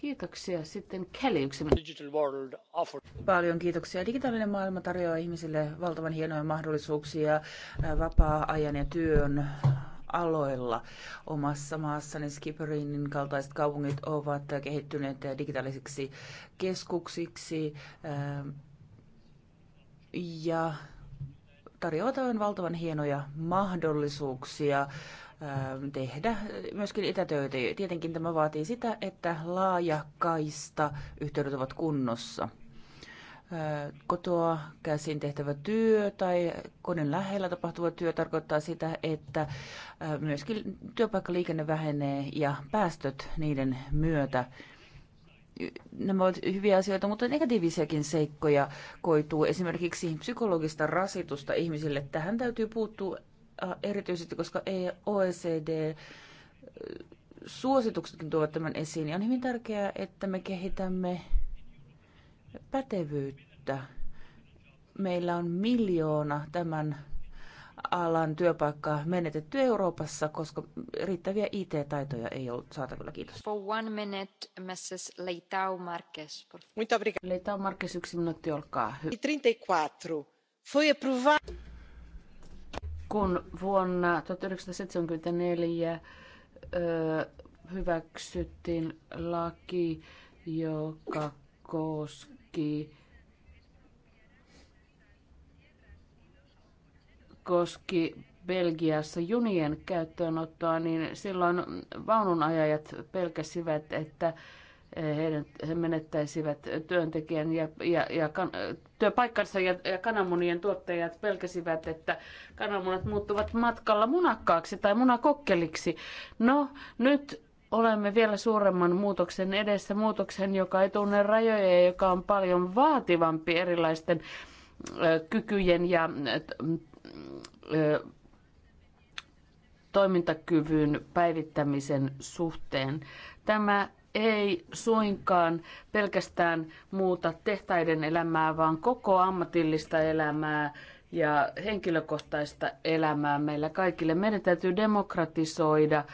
Kiitoksia. Sitten Kelly yksi Paljon kiitoksia. Digitaalinen maailma tarjoaa ihmisille valtavan hienoja mahdollisuuksia äh, vapaa-ajan ja työn aloilla. Omassa maassani Skipperinin kaltaiset kaupungit ovat kehittyneet digitaalisiksi keskuksiksi äh, ja tarjoavat valtavan hienoja mahdollisuuksia Ähm, tehdä myöskin etätöitä. Tietenkin tämä vaatii sitä, että laajakaista yhteydet ovat kunnossa. Äh, kotoa käsin tehtävä työ tai koneen lähellä tapahtuva työ tarkoittaa sitä, että äh, myöskin työpaikkaliikenne vähenee ja päästöt niiden myötä nämä ovat hyviä asioita, mutta negatiivisiakin seikkoja koituu. Esimerkiksi psykologista rasitusta ihmisille. Tähän täytyy puuttua Äh, erityisesti, koska e- OECD äh, suosituksetkin tuovat tämän esiin. niin on hyvin tärkeää, että me kehitämme pätevyyttä. Meillä on miljoona tämän alan työpaikkaa menetetty Euroopassa, koska riittäviä IT-taitoja ei ole saatavilla. Kiitos. For one minute, Mrs. Leitao Marques. Leitao Marques, yksi minuutti, olkaa hyvä. 34. E e Foi aprovado kun vuonna 1974 hyväksyttiin laki, joka koski koski Belgiassa junien käyttöönottoa, niin silloin vaununajajat pelkäsivät, että heidän, he menettäisivät työntekijän ja, ja, ja kan, työpaikkansa ja, ja kananmunien tuottajat pelkäsivät, että kananmunat muuttuvat matkalla munakkaaksi tai munakokkeliksi. No, nyt olemme vielä suuremman muutoksen edessä, muutoksen, joka ei tunne rajoja ja joka on paljon vaativampi erilaisten ö, kykyjen ja ö, toimintakyvyn päivittämisen suhteen. Tämä ei suinkaan pelkästään muuta tehtaiden elämää, vaan koko ammatillista elämää ja henkilökohtaista elämää meillä kaikille. Meidän täytyy demokratisoida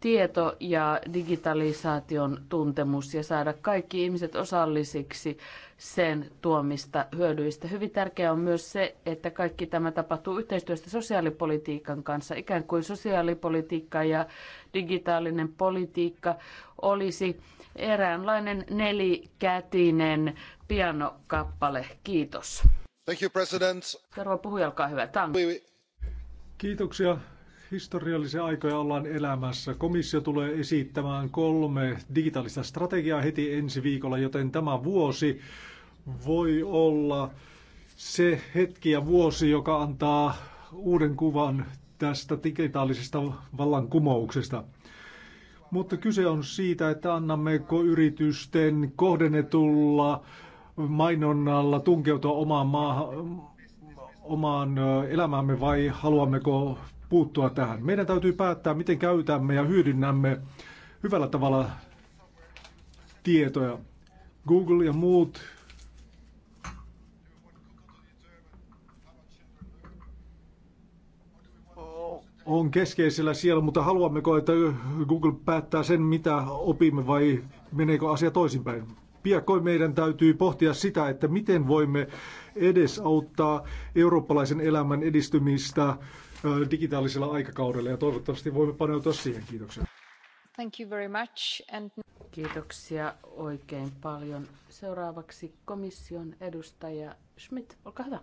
tieto ja digitalisaation tuntemus ja saada kaikki ihmiset osallisiksi sen tuomista hyödyistä. Hyvin tärkeää on myös se, että kaikki tämä tapahtuu yhteistyöstä sosiaalipolitiikan kanssa, ikään kuin sosiaalipolitiikka ja digitaalinen politiikka olisi eräänlainen nelikätinen pianokappale. Kiitos. Thank you, President. Seuraava puhuja, olkaa hyvä. Kiitoksia historiallisia aikoja ollaan elämässä. Komissio tulee esittämään kolme digitaalista strategiaa heti ensi viikolla, joten tämä vuosi voi olla se hetki ja vuosi, joka antaa uuden kuvan tästä digitaalisesta vallankumouksesta. Mutta kyse on siitä, että annammeko yritysten kohdennetulla mainonnalla tunkeutua omaan maahan, omaan elämäämme vai haluammeko puuttua tähän. Meidän täytyy päättää, miten käytämme ja hyödynnämme hyvällä tavalla tietoja. Google ja muut on keskeisellä siellä, mutta haluammeko, että Google päättää sen, mitä opimme vai meneekö asia toisinpäin? Piakkoin meidän täytyy pohtia sitä, että miten voimme edesauttaa eurooppalaisen elämän edistymistä Äh, digitaalisella aikakaudella ja toivottavasti voimme paneutua siihen. Kiitoksia. Thank you very much. And... Kiitoksia oikein paljon. Seuraavaksi komission edustaja Schmidt, olkaa hyvä.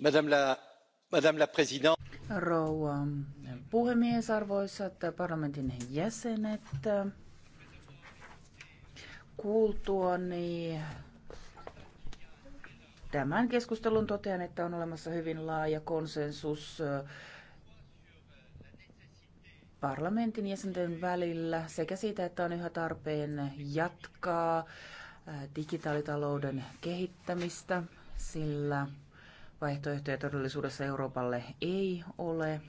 Madame la, Madame la Présidente. Rouva puhemies, arvoisat parlamentin jäsenet, kuultuani niin tämän keskustelun totean, että on olemassa hyvin laaja konsensus parlamentin jäsenten välillä sekä siitä, että on yhä tarpeen jatkaa digitaalitalouden kehittämistä, sillä vaihtoehtoja todellisuudessa Euroopalle ei ole.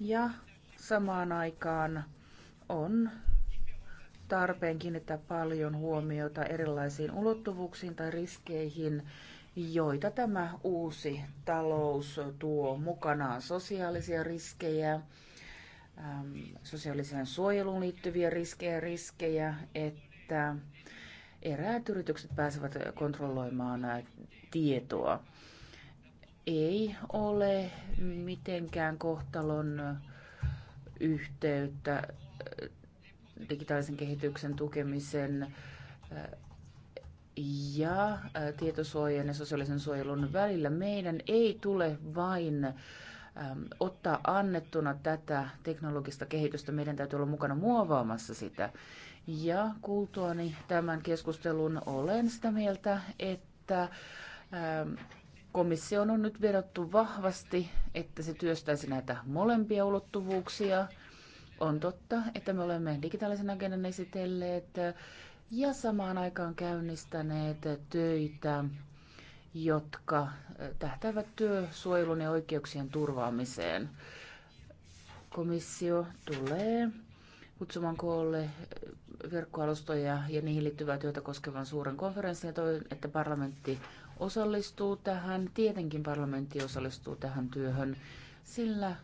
Ja samaan aikaan on tarpeen kiinnittää paljon huomiota erilaisiin ulottuvuuksiin tai riskeihin, joita tämä uusi talous tuo mukanaan. Sosiaalisia riskejä, sosiaaliseen suojeluun liittyviä riskejä, riskejä, että eräät yritykset pääsevät kontrolloimaan tietoa. Ei ole mitenkään kohtalon yhteyttä digitaalisen kehityksen tukemisen ja tietosuojan ja sosiaalisen suojelun välillä. Meidän ei tule vain ottaa annettuna tätä teknologista kehitystä, meidän täytyy olla mukana muovaamassa sitä. Ja kuultuani tämän keskustelun olen sitä mieltä, että komission on nyt vedottu vahvasti, että se työstäisi näitä molempia ulottuvuuksia – on totta, että me olemme digitaalisen agendan esitelleet ja samaan aikaan käynnistäneet töitä, jotka tähtävät työsuojelun ja oikeuksien turvaamiseen. Komissio tulee kutsumaan koolle verkkoalustoja ja niihin liittyvää työtä koskevan suuren konferenssin ja toivon, että parlamentti osallistuu tähän. Tietenkin parlamentti osallistuu tähän työhön, sillä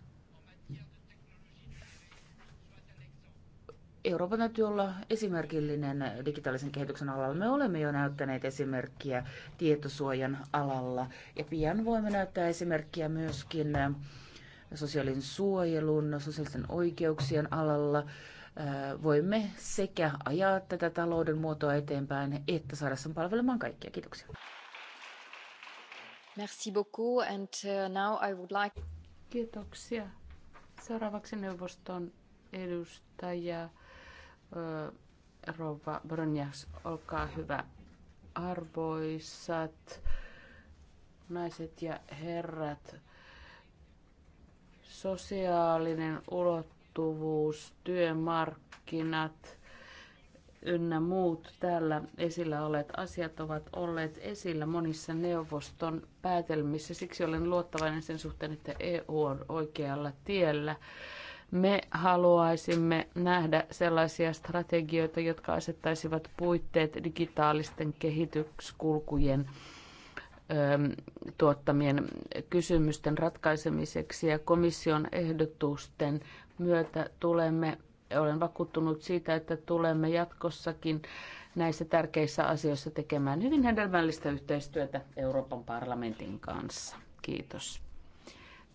Euroopan täytyy olla esimerkillinen digitaalisen kehityksen alalla. Me olemme jo näyttäneet esimerkkiä tietosuojan alalla ja pian voimme näyttää esimerkkiä myöskin äh, sosiaalisen suojelun, sosiaalisten oikeuksien alalla. Äh, voimme sekä ajaa tätä talouden muotoa eteenpäin että saada sen palvelemaan kaikkia. Kiitoksia. Merci beaucoup and uh, now I would like... Kiitoksia. Seuraavaksi neuvoston edustaja Rouva Bronjas, olkaa hyvä. Arvoisat naiset ja herrat, sosiaalinen ulottuvuus, työmarkkinat ynnä muut täällä esillä olet asiat ovat olleet esillä monissa neuvoston päätelmissä. Siksi olen luottavainen sen suhteen, että EU on oikealla tiellä. Me haluaisimme nähdä sellaisia strategioita, jotka asettaisivat puitteet digitaalisten kehityskulkujen tuottamien kysymysten ratkaisemiseksi ja komission ehdotusten myötä tulemme, olen vakuuttunut siitä, että tulemme jatkossakin näissä tärkeissä asioissa tekemään hyvin hedelmällistä yhteistyötä Euroopan parlamentin kanssa. Kiitos.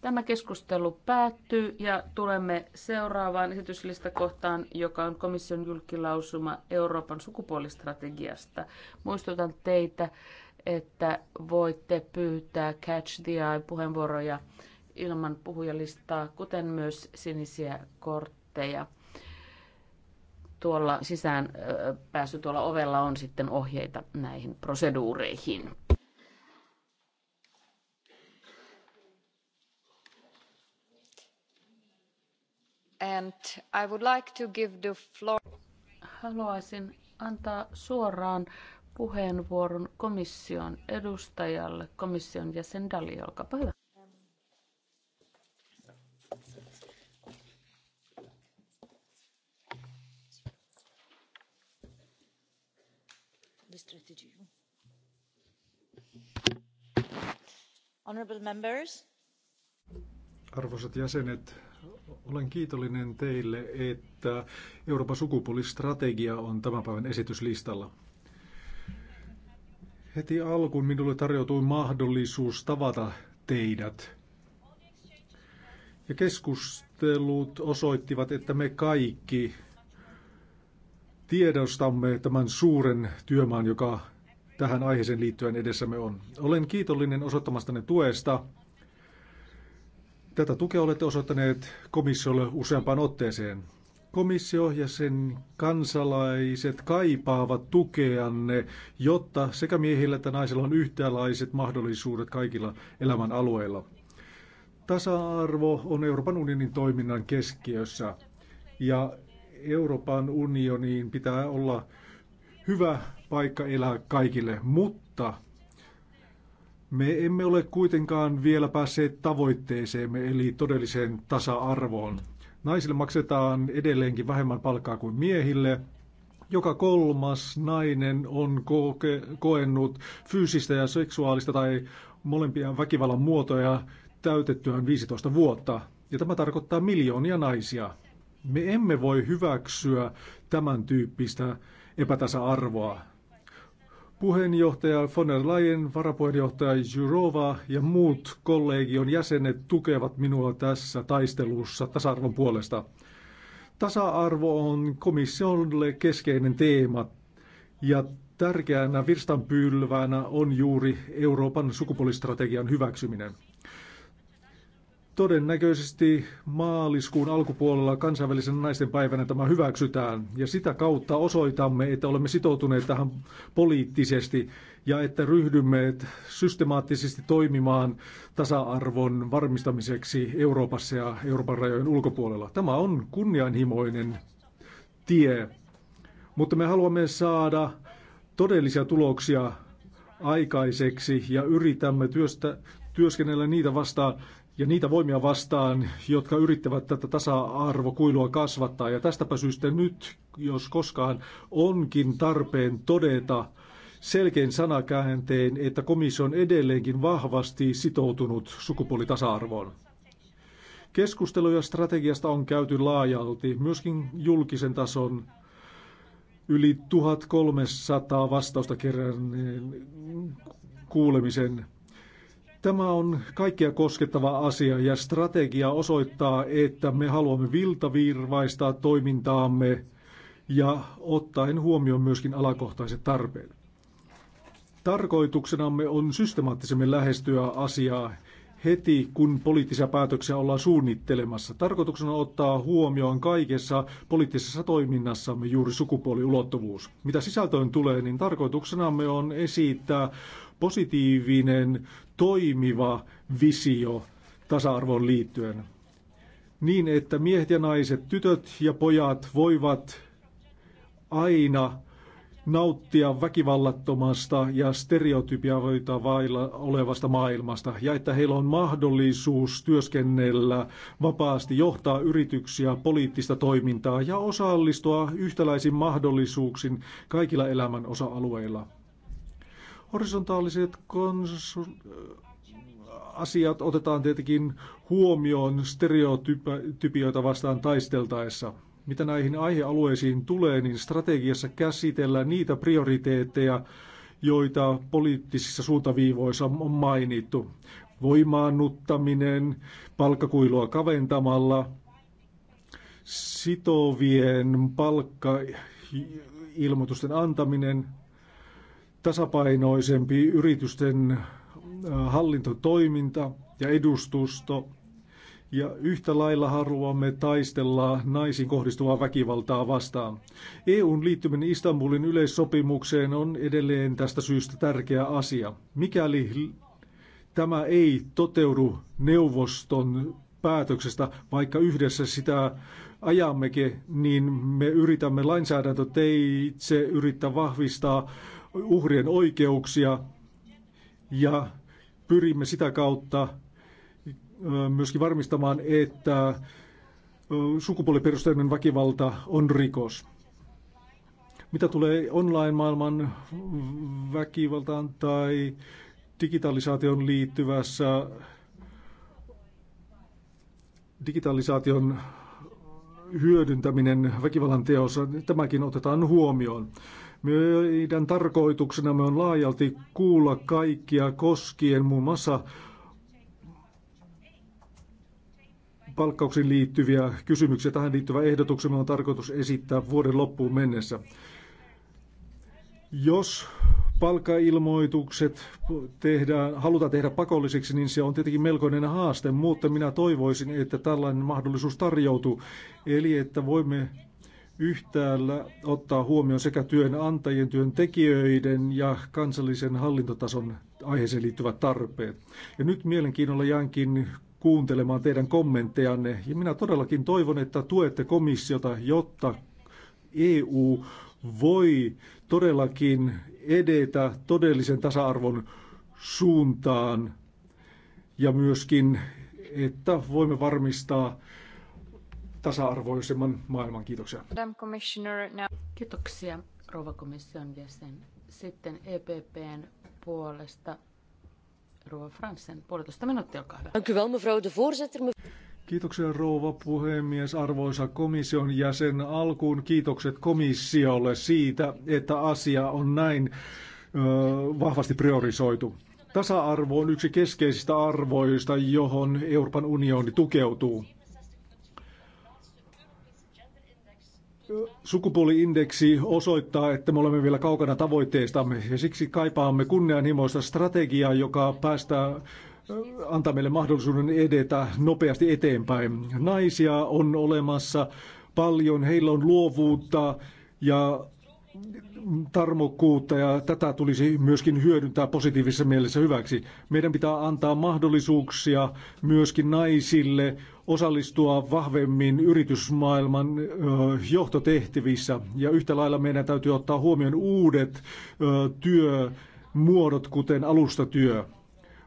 Tämä keskustelu päättyy ja tulemme seuraavaan esityslistakohtaan, joka on komission julkilausuma Euroopan sukupuolistrategiasta. Muistutan teitä, että voitte pyytää Catch the Eye-puheenvuoroja ilman puhujalistaa, kuten myös sinisiä kortteja. Tuolla sisään pääsy tuolla ovella on sitten ohjeita näihin proseduureihin. And I would like to give the floor... Haluaisin antaa suoraan puheenvuoron komission edustajalle, komission jäsen Dali, olkaapa hyvä. Arvoisat jäsenet, olen kiitollinen teille, että Euroopan sukupuolistrategia on tämän päivän esityslistalla. Heti alkuun minulle tarjoutui mahdollisuus tavata teidät. Ja keskustelut osoittivat, että me kaikki tiedostamme tämän suuren työmaan, joka tähän aiheeseen liittyen edessämme on. Olen kiitollinen osoittamastanne tuesta Tätä tukea olette osoittaneet komissiolle useampaan otteeseen. Komissio ja sen kansalaiset kaipaavat tukeanne, jotta sekä miehillä että naisilla on yhtäläiset mahdollisuudet kaikilla elämän alueilla. Tasa-arvo on Euroopan unionin toiminnan keskiössä ja Euroopan unioniin pitää olla hyvä paikka elää kaikille, mutta me emme ole kuitenkaan vielä päässeet tavoitteeseemme, eli todelliseen tasa-arvoon. Naisille maksetaan edelleenkin vähemmän palkkaa kuin miehille. Joka kolmas nainen on koke- koennut fyysistä ja seksuaalista tai molempia väkivallan muotoja täytettyään 15 vuotta. Ja tämä tarkoittaa miljoonia naisia. Me emme voi hyväksyä tämän tyyppistä epätasa-arvoa. Puheenjohtaja von der Leyen, varapuheenjohtaja Jurova ja muut kollegion jäsenet tukevat minua tässä taistelussa tasa-arvon puolesta. Tasa-arvo on komissiolle keskeinen teema ja tärkeänä virstanpylväänä on juuri Euroopan sukupuolistrategian hyväksyminen todennäköisesti maaliskuun alkupuolella kansainvälisen naisten päivänä tämä hyväksytään ja sitä kautta osoitamme, että olemme sitoutuneet tähän poliittisesti ja että ryhdymme systemaattisesti toimimaan tasa-arvon varmistamiseksi Euroopassa ja Euroopan rajojen ulkopuolella. Tämä on kunnianhimoinen tie, mutta me haluamme saada todellisia tuloksia aikaiseksi ja yritämme työstä, työskennellä niitä vastaan, ja niitä voimia vastaan, jotka yrittävät tätä tasa-arvokuilua kasvattaa. Ja tästäpä syystä nyt, jos koskaan, onkin tarpeen todeta selkein sanakääntein, että komissio on edelleenkin vahvasti sitoutunut sukupuolitasa-arvoon. Keskusteluja strategiasta on käyty laajalti, myöskin julkisen tason yli 1300 vastausta kerran kuulemisen Tämä on kaikkia koskettava asia ja strategia osoittaa, että me haluamme viltavirvaistaa toimintaamme ja ottaen huomioon myöskin alakohtaiset tarpeet. Tarkoituksenamme on systemaattisemmin lähestyä asiaa heti, kun poliittisia päätöksiä ollaan suunnittelemassa. Tarkoituksena on ottaa huomioon kaikessa poliittisessa toiminnassamme juuri sukupuoliulottuvuus. Mitä sisältöön tulee, niin tarkoituksenamme on esittää positiivinen, toimiva visio tasa-arvoon liittyen. Niin, että miehet ja naiset, tytöt ja pojat voivat aina nauttia väkivallattomasta ja stereotypia vailla olevasta maailmasta ja että heillä on mahdollisuus työskennellä vapaasti, johtaa yrityksiä, poliittista toimintaa ja osallistua yhtäläisiin mahdollisuuksiin kaikilla elämän osa-alueilla. Horisontaaliset konsul- äh, asiat otetaan tietenkin huomioon stereotypioita vastaan taisteltaessa. Mitä näihin aihealueisiin tulee, niin strategiassa käsitellään niitä prioriteetteja, joita poliittisissa suuntaviivoissa on mainittu. Voimaannuttaminen, palkkakuilua kaventamalla, sitovien palkka ilmoitusten antaminen tasapainoisempi yritysten äh, hallintotoiminta ja edustusto. Ja yhtä lailla haluamme taistella naisiin kohdistuvaa väkivaltaa vastaan. EUn liittyminen Istanbulin yleissopimukseen on edelleen tästä syystä tärkeä asia. Mikäli tämä ei toteudu neuvoston päätöksestä, vaikka yhdessä sitä ajammekin, niin me yritämme lainsäädäntöteitse yrittää vahvistaa uhrien oikeuksia ja pyrimme sitä kautta myöskin varmistamaan, että sukupuoliperusteinen väkivalta on rikos. Mitä tulee online-maailman väkivaltaan tai digitalisaation liittyvässä digitalisaation hyödyntäminen väkivallan teossa, tämäkin otetaan huomioon. Meidän tarkoituksena me on laajalti kuulla kaikkia koskien muun muassa palkkauksiin liittyviä kysymyksiä. Tähän liittyvä ehdotuksemme on tarkoitus esittää vuoden loppuun mennessä. Jos palkkailmoitukset tehdään, halutaan tehdä pakollisiksi, niin se on tietenkin melkoinen haaste, mutta minä toivoisin, että tällainen mahdollisuus tarjoutuu. Eli että voimme yhtäällä ottaa huomioon sekä työnantajien, työntekijöiden ja kansallisen hallintotason aiheeseen liittyvät tarpeet. Ja nyt mielenkiinnolla jäänkin kuuntelemaan teidän kommenttejanne. Ja minä todellakin toivon, että tuette komissiota, jotta EU voi todellakin edetä todellisen tasa-arvon suuntaan ja myöskin, että voimme varmistaa tasa-arvoisemman maailman. Kiitoksia. Kiitoksia, rouva komission jäsen. Sitten EPPn puolesta rouva Fransen, puolitoista minuuttia, olkaa hyvä. Kiitoksia rouva puhemies, arvoisa komission jäsen. Alkuun kiitokset komissiolle siitä, että asia on näin ö, vahvasti priorisoitu. Tasa-arvo on yksi keskeisistä arvoista, johon Euroopan unioni tukeutuu. sukupuoliindeksi osoittaa, että me olemme vielä kaukana tavoitteestamme ja siksi kaipaamme kunnianhimoista strategiaa, joka päästää äh, antaa meille mahdollisuuden edetä nopeasti eteenpäin. Naisia on olemassa paljon, heillä on luovuutta ja tarmokkuutta ja tätä tulisi myöskin hyödyntää positiivisessa mielessä hyväksi. Meidän pitää antaa mahdollisuuksia myöskin naisille osallistua vahvemmin yritysmaailman johtotehtävissä. Ja yhtä lailla meidän täytyy ottaa huomioon uudet työmuodot, kuten alustatyö.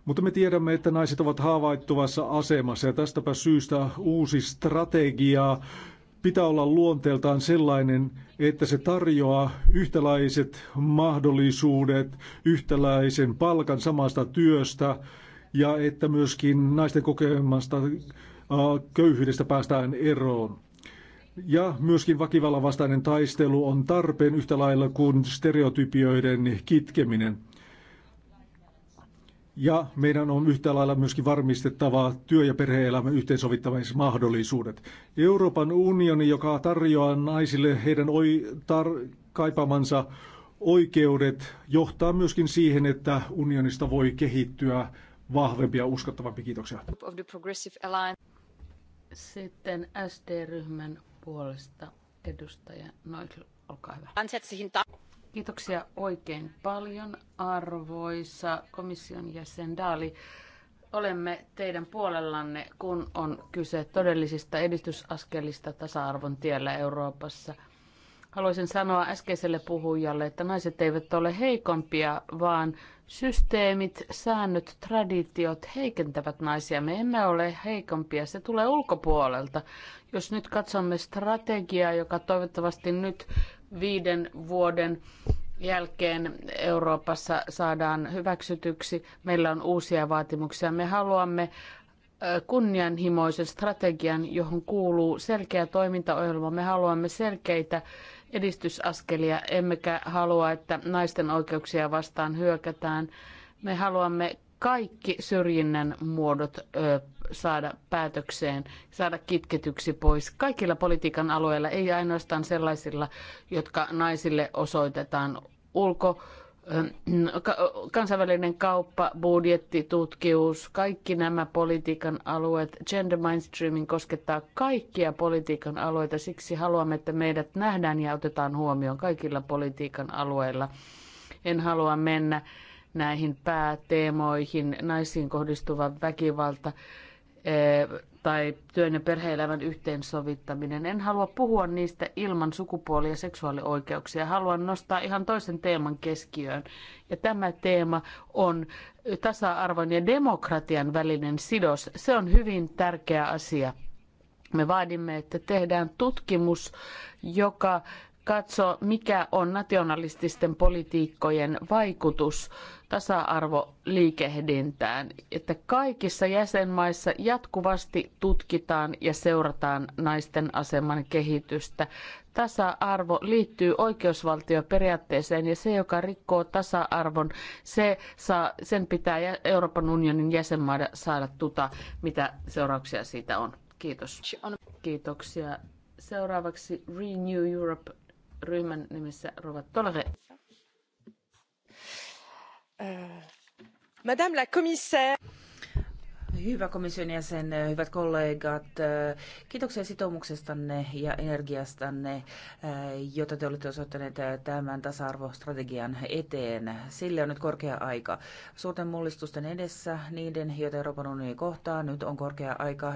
Mutta me tiedämme, että naiset ovat haavaittuvassa asemassa ja tästäpä syystä uusi strategia pitää olla luonteeltaan sellainen, että se tarjoaa yhtäläiset mahdollisuudet, yhtäläisen palkan samasta työstä ja että myöskin naisten kokemasta köyhyydestä päästään eroon. Ja myöskin väkivallan vastainen taistelu on tarpeen yhtä lailla kuin stereotypioiden kitkeminen. Ja meidän on yhtä lailla myöskin varmistettava työ- ja perhe-elämän yhteensovittamismahdollisuudet. Euroopan unioni, joka tarjoaa naisille heidän oi, tar- kaipaamansa oikeudet, johtaa myöskin siihen, että unionista voi kehittyä vahvempia ja uskottavampi. Kiitoksia. Sitten ST-ryhmän puolesta edustaja Noikl, olkaa hyvä. Kiitoksia oikein paljon, arvoisa komission jäsen Daali. Olemme teidän puolellanne, kun on kyse todellisista edistysaskelista tasa-arvon tiellä Euroopassa – Haluaisin sanoa äskeiselle puhujalle, että naiset eivät ole heikompia, vaan systeemit, säännöt, traditiot heikentävät naisia. Me emme ole heikompia, se tulee ulkopuolelta. Jos nyt katsomme strategiaa, joka toivottavasti nyt viiden vuoden jälkeen Euroopassa saadaan hyväksytyksi, meillä on uusia vaatimuksia. Me haluamme kunnianhimoisen strategian, johon kuuluu selkeä toimintaohjelma. Me haluamme selkeitä edistysaskelia, emmekä halua, että naisten oikeuksia vastaan hyökätään. Me haluamme kaikki syrjinnän muodot ö, saada päätökseen, saada kitketyksi pois kaikilla politiikan alueilla, ei ainoastaan sellaisilla, jotka naisille osoitetaan ulko- kansainvälinen kauppa, budjetti, tutkimus, kaikki nämä politiikan alueet. Gender mainstreaming koskettaa kaikkia politiikan alueita, siksi haluamme, että meidät nähdään ja otetaan huomioon kaikilla politiikan alueilla. En halua mennä näihin pääteemoihin, naisiin kohdistuva väkivalta, eh, tai työn ja perhe-elämän yhteensovittaminen. En halua puhua niistä ilman sukupuoli- ja seksuaalioikeuksia. Haluan nostaa ihan toisen teeman keskiöön. Ja tämä teema on tasa-arvon ja demokratian välinen sidos. Se on hyvin tärkeä asia. Me vaadimme, että tehdään tutkimus, joka katsoo, mikä on nationalististen politiikkojen vaikutus tasa-arvoliikehdintään, että kaikissa jäsenmaissa jatkuvasti tutkitaan ja seurataan naisten aseman kehitystä. Tasa-arvo liittyy oikeusvaltioperiaatteeseen ja se, joka rikkoo tasa-arvon, se saa, sen pitää Euroopan unionin jäsenmaiden saada tuta, mitä seurauksia siitä on. Kiitos. Kiitoksia. Seuraavaksi Renew Europe ryhmän nimissä Rova Tolere. Euh, Madame la commissaire. Hyvä komission jäsen, hyvät kollegat, äh, kiitoksia sitoumuksestanne ja energiastanne, äh, jota te olette osoittaneet äh, tämän tasa-arvostrategian eteen. Sille on nyt korkea aika. Suurten mullistusten edessä niiden, joita Euroopan unioni kohtaa, nyt on korkea aika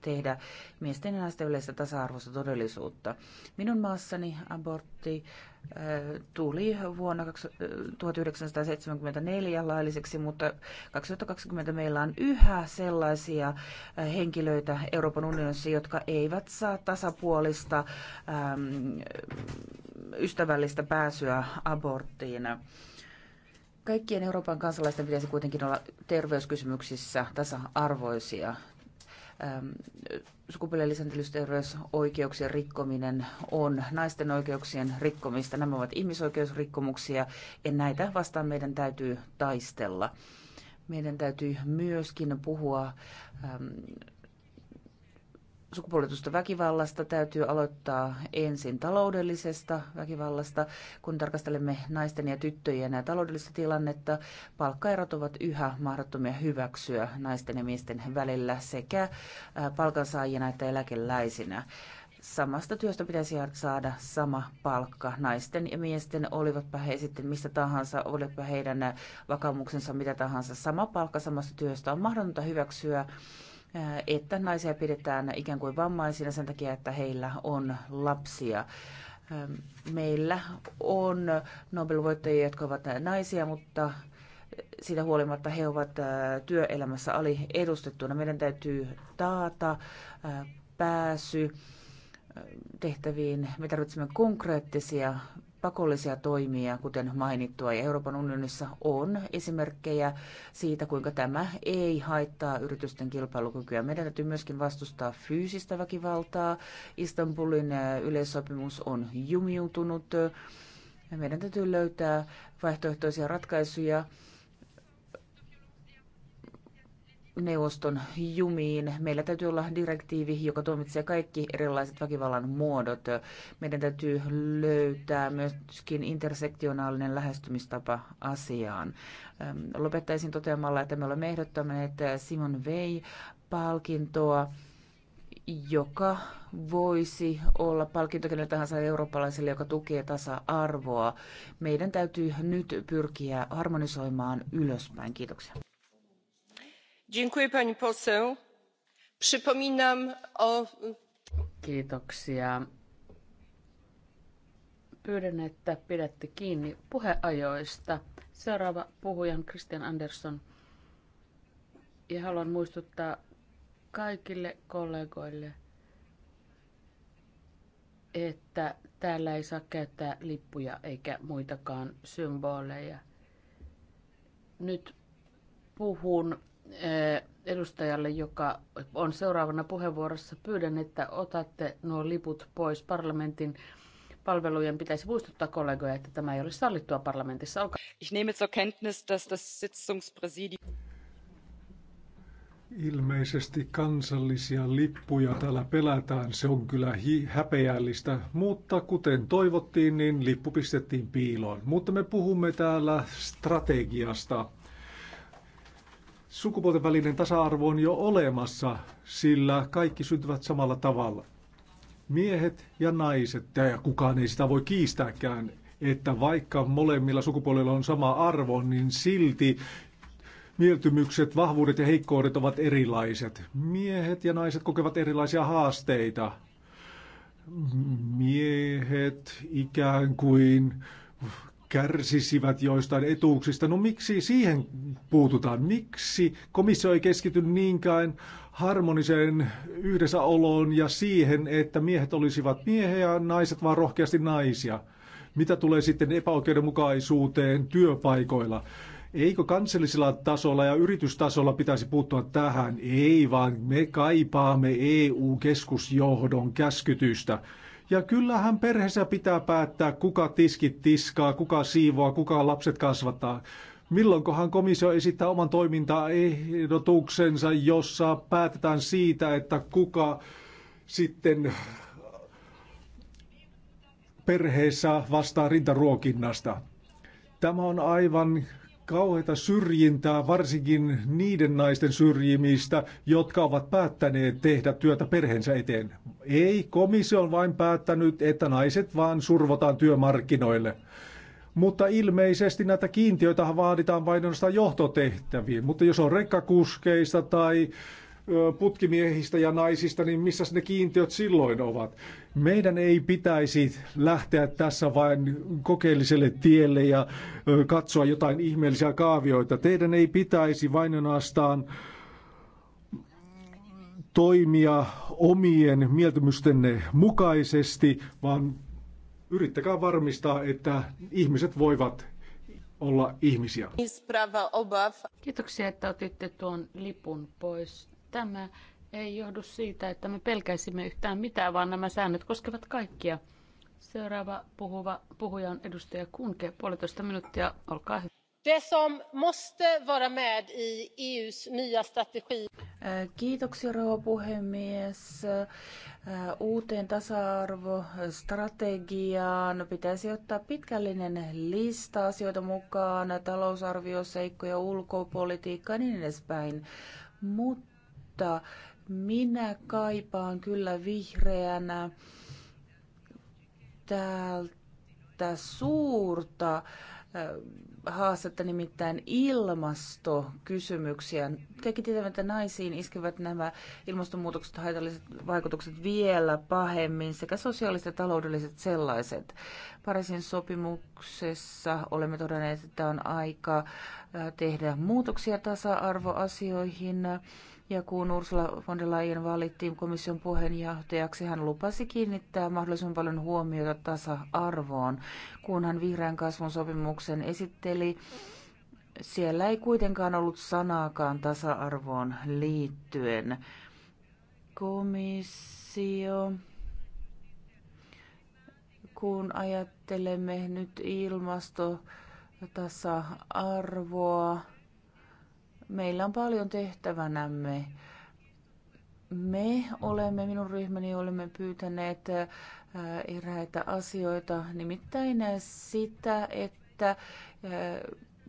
tehdä miesten ja naisten yleistä tasa-arvoista todellisuutta. Minun maassani abortti tuli vuonna 1974 lailliseksi, mutta 2020 meillä on yhä sellaisia äh, henkilöitä Euroopan unionissa, jotka eivät saa tasapuolista ystävällistä pääsyä aborttiin. Kaikkien Euroopan kansalaisten pitäisi kuitenkin olla terveyskysymyksissä tasa-arvoisia sukupuolen lisääntymisterveysoikeuksien rikkominen on naisten oikeuksien rikkomista. Nämä ovat ihmisoikeusrikkomuksia ja näitä vastaan meidän täytyy taistella. Meidän täytyy myöskin puhua sukupuolitusta väkivallasta täytyy aloittaa ensin taloudellisesta väkivallasta. Kun tarkastelemme naisten ja tyttöjen ja taloudellista tilannetta, palkkaerot ovat yhä mahdottomia hyväksyä naisten ja miesten välillä sekä palkansaajina että eläkeläisinä. Samasta työstä pitäisi saada sama palkka naisten ja miesten, olivatpa he sitten mistä tahansa, olivatpa heidän vakaumuksensa mitä tahansa. Sama palkka samasta työstä on mahdotonta hyväksyä että naisia pidetään ikään kuin vammaisina sen takia, että heillä on lapsia. Ähm, meillä on Nobel-voittajia, jotka ovat naisia, mutta siitä huolimatta he ovat äh, työelämässä aliedustettuna. Meidän täytyy taata äh, pääsy äh, tehtäviin. Me tarvitsemme konkreettisia pakollisia toimia, kuten mainittua, ja Euroopan unionissa on esimerkkejä siitä, kuinka tämä ei haittaa yritysten kilpailukykyä. Meidän täytyy myöskin vastustaa fyysistä väkivaltaa. Istanbulin yleissopimus on jumiutunut. Meidän täytyy löytää vaihtoehtoisia ratkaisuja neuvoston jumiin. Meillä täytyy olla direktiivi, joka tuomitsee kaikki erilaiset väkivallan muodot. Meidän täytyy löytää myöskin intersektionaalinen lähestymistapa asiaan. Lopettaisin toteamalla, että me olemme ehdottaneet Simon Vei-palkintoa joka voisi olla palkinto kenelle tahansa eurooppalaiselle, joka tukee tasa-arvoa. Meidän täytyy nyt pyrkiä harmonisoimaan ylöspäin. Kiitoksia pani poseł. Przypominam o... Kiitoksia. Pyydän, että pidätte kiinni puheajoista. Seuraava puhuja on Christian Andersson. Ja haluan muistuttaa kaikille kollegoille, että täällä ei saa käyttää lippuja eikä muitakaan symboleja. Nyt puhun edustajalle, joka on seuraavana puheenvuorossa. Pyydän, että otatte nuo liput pois parlamentin palvelujen pitäisi muistuttaa kollegoja, että tämä ei ole sallittua parlamentissa. Olkaa. Ich nehme zur Kenntnis, dass das Sitzungspräsidium Ilmeisesti kansallisia lippuja täällä pelätään, se on kyllä hi- häpeällistä, mutta kuten toivottiin, niin lippu pistettiin piiloon. Mutta me puhumme täällä strategiasta. Sukupuolten välinen tasa-arvo on jo olemassa, sillä kaikki syntyvät samalla tavalla. Miehet ja naiset, ja kukaan ei sitä voi kiistääkään, että vaikka molemmilla sukupuolilla on sama arvo, niin silti mieltymykset, vahvuudet ja heikkoudet ovat erilaiset. Miehet ja naiset kokevat erilaisia haasteita. Miehet ikään kuin kärsisivät joistain etuuksista. No miksi siihen puututaan? Miksi komissio ei keskity niinkään harmoniseen yhdessäoloon ja siihen, että miehet olisivat miehiä ja naiset vaan rohkeasti naisia? Mitä tulee sitten epäoikeudenmukaisuuteen työpaikoilla? Eikö kansallisella tasolla ja yritystasolla pitäisi puuttua tähän? Ei, vaan me kaipaamme EU-keskusjohdon käskytystä. Ja kyllähän perheessä pitää päättää, kuka tiskit tiskaa, kuka siivoaa, kuka lapset kasvattaa. Milloinkohan komissio esittää oman toimintaehdotuksensa, jossa päätetään siitä, että kuka sitten perheessä vastaa rintaruokinnasta. Tämä on aivan kauheita syrjintää, varsinkin niiden naisten syrjimistä, jotka ovat päättäneet tehdä työtä perheensä eteen. Ei, komissio on vain päättänyt, että naiset vaan survotaan työmarkkinoille. Mutta ilmeisesti näitä kiintiöitä vaaditaan vain johtotehtäviin. Mutta jos on rekkakuskeista tai putkimiehistä ja naisista, niin missä ne kiintiöt silloin ovat? Meidän ei pitäisi lähteä tässä vain kokeelliselle tielle ja katsoa jotain ihmeellisiä kaavioita. Teidän ei pitäisi vain ainoastaan toimia omien mieltymystenne mukaisesti, vaan yrittäkää varmistaa, että ihmiset voivat olla ihmisiä. Kiitoksia, että otitte tuon lipun pois Tämä ei johdu siitä, että me pelkäisimme yhtään mitään, vaan nämä säännöt koskevat kaikkia. Seuraava puhuva, puhuja on edustaja Kunke, puolitoista minuuttia, olkaa hyvä. Det som måste vara med i EUs nya strategi. Äh, kiitoksia rouva puhemies. Äh, uuteen tasa-arvostrategiaan pitäisi ottaa pitkällinen lista asioita mukaan, talousarvioseikkoja, ulkopolitiikkaa ulkopolitiikka ja niin edespäin. Mutta mutta minä kaipaan kyllä vihreänä täältä suurta äh, haastetta, nimittäin ilmastokysymyksiä. Tekin tietävät, että naisiin iskevät nämä ilmastonmuutokset haitalliset vaikutukset vielä pahemmin, sekä sosiaaliset ja taloudelliset sellaiset. Pariisin sopimuksessa olemme todenneet, että on aika äh, tehdä muutoksia tasa-arvoasioihin. Ja kun Ursula von der Leyen valittiin komission puheenjohtajaksi, hän lupasi kiinnittää mahdollisimman paljon huomiota tasa-arvoon. Kun hän vihreän kasvun sopimuksen esitteli, siellä ei kuitenkaan ollut sanaakaan tasa-arvoon liittyen. Komissio kun ajattelemme nyt ilmastotasa-arvoa, Meillä on paljon tehtävänämme. Me olemme, minun ryhmäni olemme pyytäneet äh, eräitä asioita, nimittäin sitä, että äh,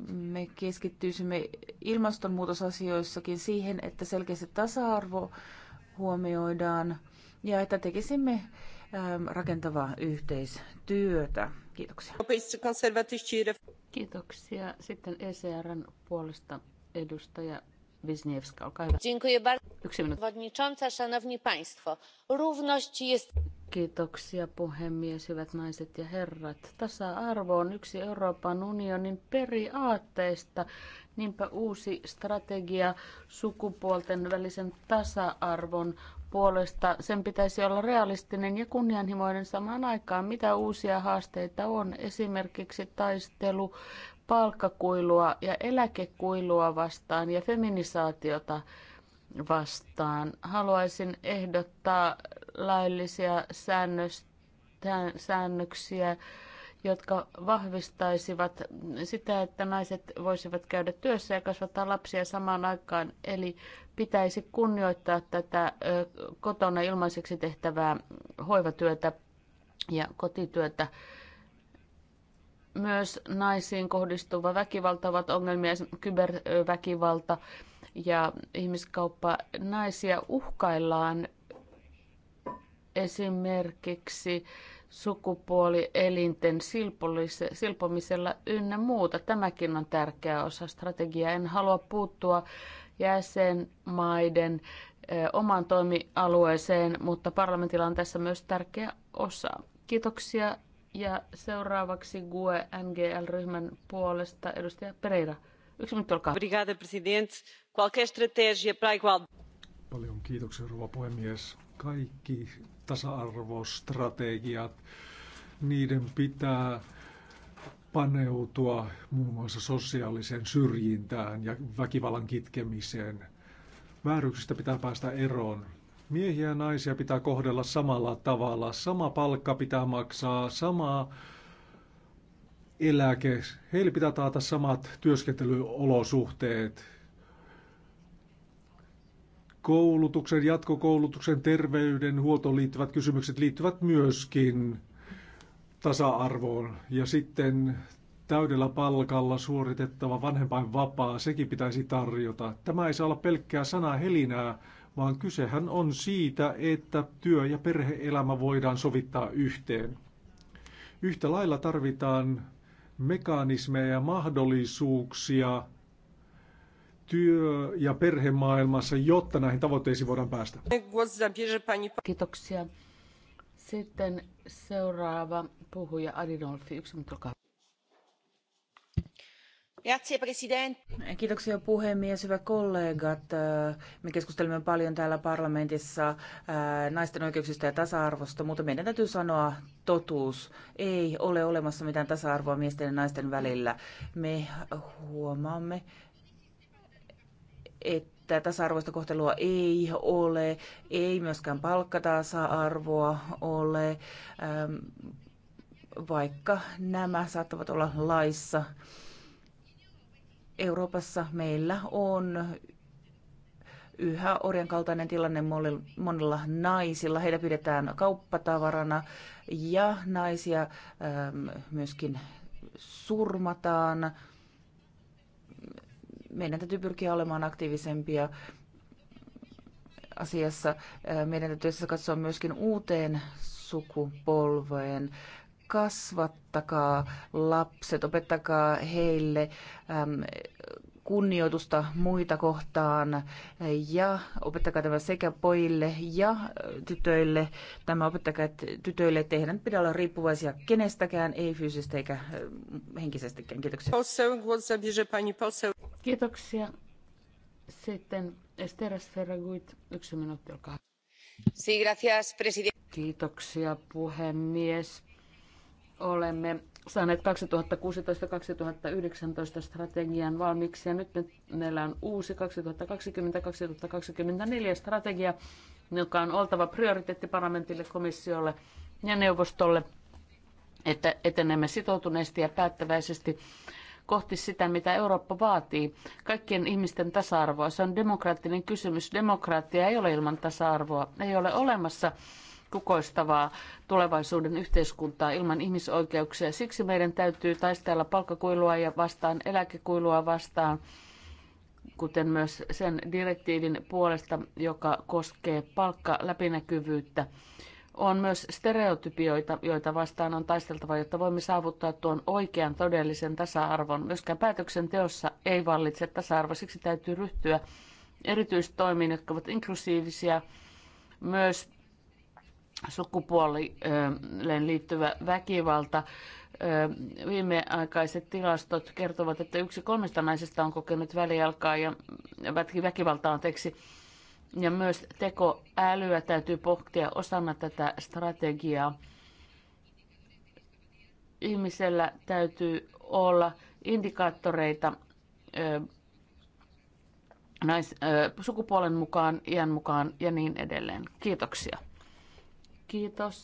me keskittyisimme ilmastonmuutosasioissakin siihen, että selkeästi tasa-arvo huomioidaan ja että tekisimme ähm, rakentavaa yhteistyötä. Kiitoksia. Kiitoksia. Sitten ECRn puolesta Edustaja Wisniewska, olkaa hyvä. Dziękuję bardzo. Yksi minuutti. szanowni państwo. Równość jest... Kiitoksia puhemies, hyvät naiset ja herrat. Tasa-arvo on yksi Euroopan unionin periaatteista. Niinpä uusi strategia sukupuolten välisen tasa-arvon puolesta. Sen pitäisi olla realistinen ja kunnianhimoinen samaan aikaan. Mitä uusia haasteita on? Esimerkiksi taistelu palkkakuilua ja eläkekuilua vastaan ja feminisaatiota vastaan. Haluaisin ehdottaa laillisia säännöksiä, jotka vahvistaisivat sitä, että naiset voisivat käydä työssä ja kasvattaa lapsia samaan aikaan. Eli pitäisi kunnioittaa tätä kotona ilmaiseksi tehtävää hoivatyötä ja kotityötä myös naisiin kohdistuva väkivalta ovat ongelmia, kyberväkivalta ja ihmiskauppa. Naisia uhkaillaan esimerkiksi sukupuolielinten silpomisella ynnä muuta. Tämäkin on tärkeä osa strategiaa. En halua puuttua jäsenmaiden omaan toimialueeseen, mutta parlamentilla on tässä myös tärkeä osa. Kiitoksia ja seuraavaksi GUE NGL-ryhmän puolesta edustaja Pereira. Yksi minuutti, olkaa. Obrigada, presidente. Qualquer strategia para igual... Paljon kiitoksia, rouva puhemies. Kaikki tasa-arvostrategiat, niiden pitää paneutua muun muassa sosiaaliseen syrjintään ja väkivallan kitkemiseen. Vääryksistä pitää päästä eroon. Miehiä ja naisia pitää kohdella samalla tavalla. Sama palkka pitää maksaa, sama eläke. Heille pitää taata samat työskentelyolosuhteet. Koulutuksen, jatkokoulutuksen, terveydenhuoltoon liittyvät kysymykset liittyvät myöskin tasa-arvoon. Ja sitten täydellä palkalla suoritettava vanhempainvapaa, sekin pitäisi tarjota. Tämä ei saa olla pelkkää sanahelinää, vaan kysehän on siitä, että työ- ja perheelämä voidaan sovittaa yhteen. Yhtä lailla tarvitaan mekanismeja ja mahdollisuuksia työ- ja perhemaailmassa, jotta näihin tavoitteisiin voidaan päästä. Kiitoksia. Sitten seuraava puhuja Adinolfi, yksi minuutti, Kiitoksia puhemies, hyvät kollegat. Äh, me keskustelemme paljon täällä parlamentissa äh, naisten oikeuksista ja tasa-arvosta, mutta meidän täytyy sanoa totuus. Ei ole olemassa mitään tasa-arvoa miesten ja naisten välillä. Me huomaamme, että tasa-arvoista kohtelua ei ole, ei myöskään palkkatasa-arvoa ole, ähm, vaikka nämä saattavat olla laissa Euroopassa meillä on yhä orjan kaltainen tilanne monilla naisilla. Heitä pidetään kauppatavarana ja naisia ähm, myöskin surmataan. Meidän täytyy pyrkiä olemaan aktiivisempia asiassa. Äh, meidän täytyy katsoa myöskin uuteen sukupolveen kasvattakaa lapset, opettakaa heille äm, kunnioitusta muita kohtaan ja opettakaa tämä sekä pojille ja äh, tytöille. Tämä opettakaa että tytöille, että heidän pidä olla riippuvaisia kenestäkään, ei fyysisestä eikä äh, henkisestikään. Kiitoksia. Kiitoksia. Sitten Esteras Ferraguit, yksi minuutti, olkaa. Kiitoksia puhemies olemme saaneet 2016-2019 strategian valmiiksi ja nyt meillä on uusi 2020-2024 strategia, joka on oltava prioriteetti parlamentille, komissiolle ja neuvostolle, että etenemme sitoutuneesti ja päättäväisesti kohti sitä, mitä Eurooppa vaatii, kaikkien ihmisten tasa-arvoa. Se on demokraattinen kysymys. Demokraattia ei ole ilman tasa-arvoa. Ei ole olemassa kukoistavaa tulevaisuuden yhteiskuntaa ilman ihmisoikeuksia. Siksi meidän täytyy taistella palkkakuilua ja vastaan eläkekuilua vastaan, kuten myös sen direktiivin puolesta, joka koskee palkkaläpinäkyvyyttä. On myös stereotypioita, joita vastaan on taisteltava, jotta voimme saavuttaa tuon oikean todellisen tasa-arvon. Myöskään päätöksenteossa ei vallitse tasa-arvo, siksi täytyy ryhtyä erityistoimiin, jotka ovat inklusiivisia myös sukupuoleen liittyvä väkivalta. Viimeaikaiset tilastot kertovat, että yksi kolmesta naisesta on kokenut välijalkaa ja väkivaltaa anteeksi. Ja myös tekoälyä täytyy pohtia osana tätä strategiaa. Ihmisellä täytyy olla indikaattoreita nais, sukupuolen mukaan, iän mukaan ja niin edelleen. Kiitoksia. Kiitos.